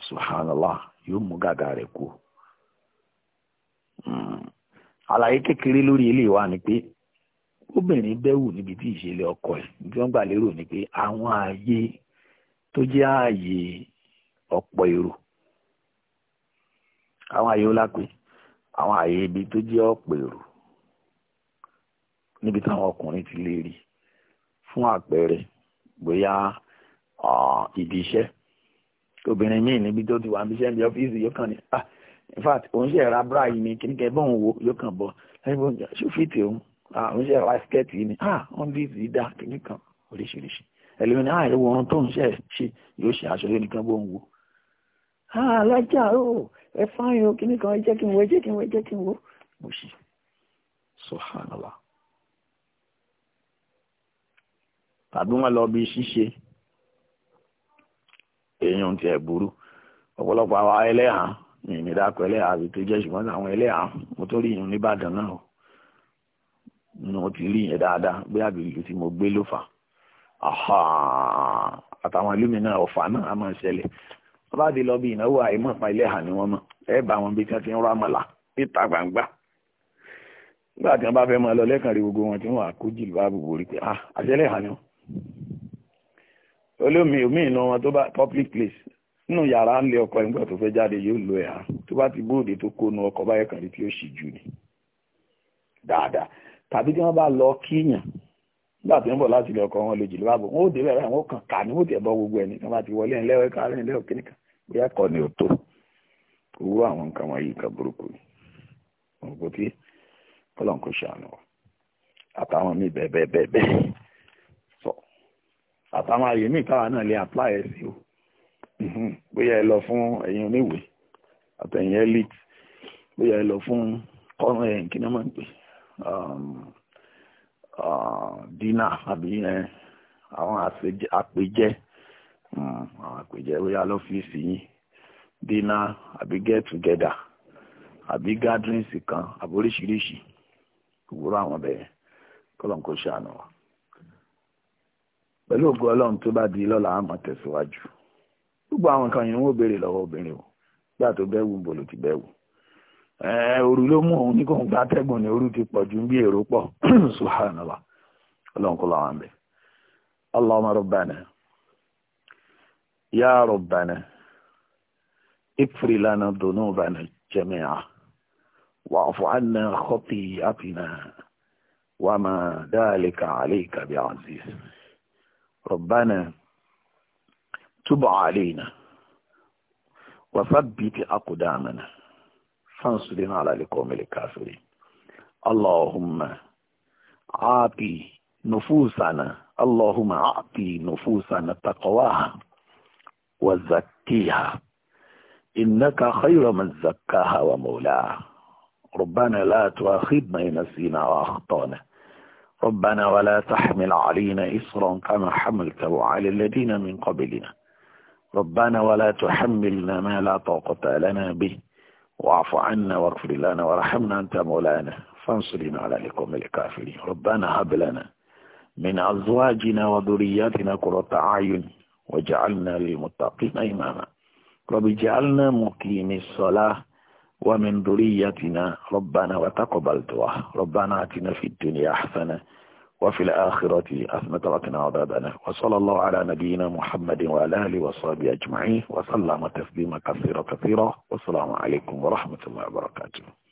subhanallah yóò mú gàgà rẹ̀ kú. Hmm. àlàyé kékeré lórí ilé wa ni pé obìnrin bẹ́wù níbi tí ìṣẹ̀lẹ̀ ọkọ ẹ̀ tí wọ́n gbà lérò ni pé àwọn ààyè tó jẹ́ ààyè ọ̀pọ̀ èrò àwọn àwọn àyè ibi tó jẹ́ ọ̀pẹ̀rù níbi táwọn ọkùnrin ti lè rí fún àpẹẹrẹ bóyá ìdí iṣẹ́ obìnrin míì níbi tó ti wà níbi iṣẹ́ níbi ọ́fíìsì yóò kàn ní ah in fact òun ṣe ra bra yìí ni kíníkẹ́ bọ́ọ̀n wo yóò kàn bọ́ lẹ́yìn ṣúfìtì òun òun ṣe ra skẹ́ẹ̀tì yìí ni ah wọ́n bí ti dá kíníkan oríṣiríṣi ẹlẹ́yìn ní àìwọ̀ ohun tó ń ṣe ṣe yóò ṣe aṣọ yóò nìkan bọ́ọ̀n wo ah alájà o ẹ fáyọ̀ kíní kan ẹ jẹ́ kí n wo ẹ jẹ́ kí n wo ẹ jẹ́ kí n wo mo ṣì subhanallah tàbí wọ́n lọ bí ṣíṣe èèyàn ti ẹ̀ burú ọ̀pọ̀lọpọ̀ àwọn ẹlẹ́hàn ní ìdákọ̀ ẹlẹ́hàn àbí tó jẹ́ ṣùgbọ́n àwọn ẹlẹ́hàn mo tó rí ìyún nìbàdàn náà ni mo ti rí ìyẹn dáadáa bí àbìlú tí mo gbé ló fà àtàwọn ìlú mi náà ọ̀fà náà a máa ṣẹlẹ̀ báàdì lọ bí ìnáwó àìmọ̀ pa ilé hàn ni wọ́n mọ̀ ẹ bá wọn bí tí wọ́n ti ń rọ àmàlà níta gbangba nígbà tí wọ́n bá fẹ́ máa lọ lẹ́kàn rí gbogbo wọn tí wọ́n kó jìlù bá bùbù rí pé ah àṣẹlẹ̀ hàn ni wọ́n. olómi omi ìná wọn tó bá public place nínú yàrá ń lé ọkọ ìgbà tó fẹ́ jáde yóò lo ẹ̀hán tó bá ti bóòdì tó kónu ọkọ̀ báyẹ̀ kàn rí tí ó sì jù ní dáadáa tàbí tí wọ́n bá lọ kíyàn nígbà tí ń bọ̀ láti ilẹ̀ ọkọ̀ wọn lè jìlú bá bò wọ́n ó débẹ̀ rẹ̀ wọ́n kàn ká ní wọ́n tẹ̀ bọ́ gbogbo ẹni tí wọ́n bá ti wọlé ẹ̀ lẹ́wọ́ ẹ̀ka rẹ̀ lẹ́wọ̀ kíníkan bí akọ ni ò tó owó àwọn nǹkan wọ̀nyí nǹkan burúkú ni òǹkó tí kọ́lọ́n kò ṣàánú wa àtàwọn míì bẹ́ẹ̀ bẹ́ẹ̀ bẹ́ẹ̀ bẹ́ẹ̀ sọ àtàwọn ààyè míì táwa náà lè apply ẹ̀ sí o mhm. bóyá ẹ lọ fún ẹ̀yin oníwèé àtẹ̀yìn elite bóyá ẹ lọ fún kọ́nù ẹ̀ kí ni wọ́n pè um, uh, dínà àbí àwọn àpèjẹ Ah, àwọn àpèjẹ bóyá lọ́fíìsì yín na àbí get together àbí gatherings kan àbóríṣiríṣi òwúrọ̀ àwọn bẹ́ẹ̀ kọ́lọ́n kò ṣàánú wa pẹ̀lú ògo ọlọ́run tó bá di lọ́la àmọ́ tẹ̀síwájú gbogbo àwọn nkanyi yìí wọ́n béèrè lọ́wọ́ obìnrin o gbà tó bẹ́ẹ̀ wù ń ti bẹ́ẹ̀ wù òru ló mú òun ní kò ń ní ti pọ̀ ju bí èrò يا ربنا اغفر لنا ذنوبنا جميعا واعف عنا خطيئتنا وما ذلك عليك بعزيز ربنا تب علينا وثبت أقدامنا فانصرنا على القوم الكافرين اللهم أعطي نفوسنا اللهم أعطي نفوسنا تقواها وزكيها إنك خير من زكاها ومولاها ربنا لا تؤاخذنا إن نسينا وأخطأنا ربنا ولا تحمل علينا إصرا كما حملته على الذين من قبلنا ربنا ولا تحملنا ما لا طاقة لنا به واعف عنا واغفر لنا وارحمنا أنت مولانا فانصرنا على القوم الكافرين ربنا هب لنا من أزواجنا وذرياتنا قرة أعين وجعلنا للمتقين إماما رب جعلنا مقيم الصلاة ومن ذريتنا ربنا وتقبل دعاء ربنا آتنا في الدنيا أحسنة وفي الآخرة أثنة وقنا عذابنا وصلى الله على نبينا محمد وعلى آله وصحبه أجمعين وسلم تسليما كثيرا كثيرا والسلام عليكم ورحمة الله وبركاته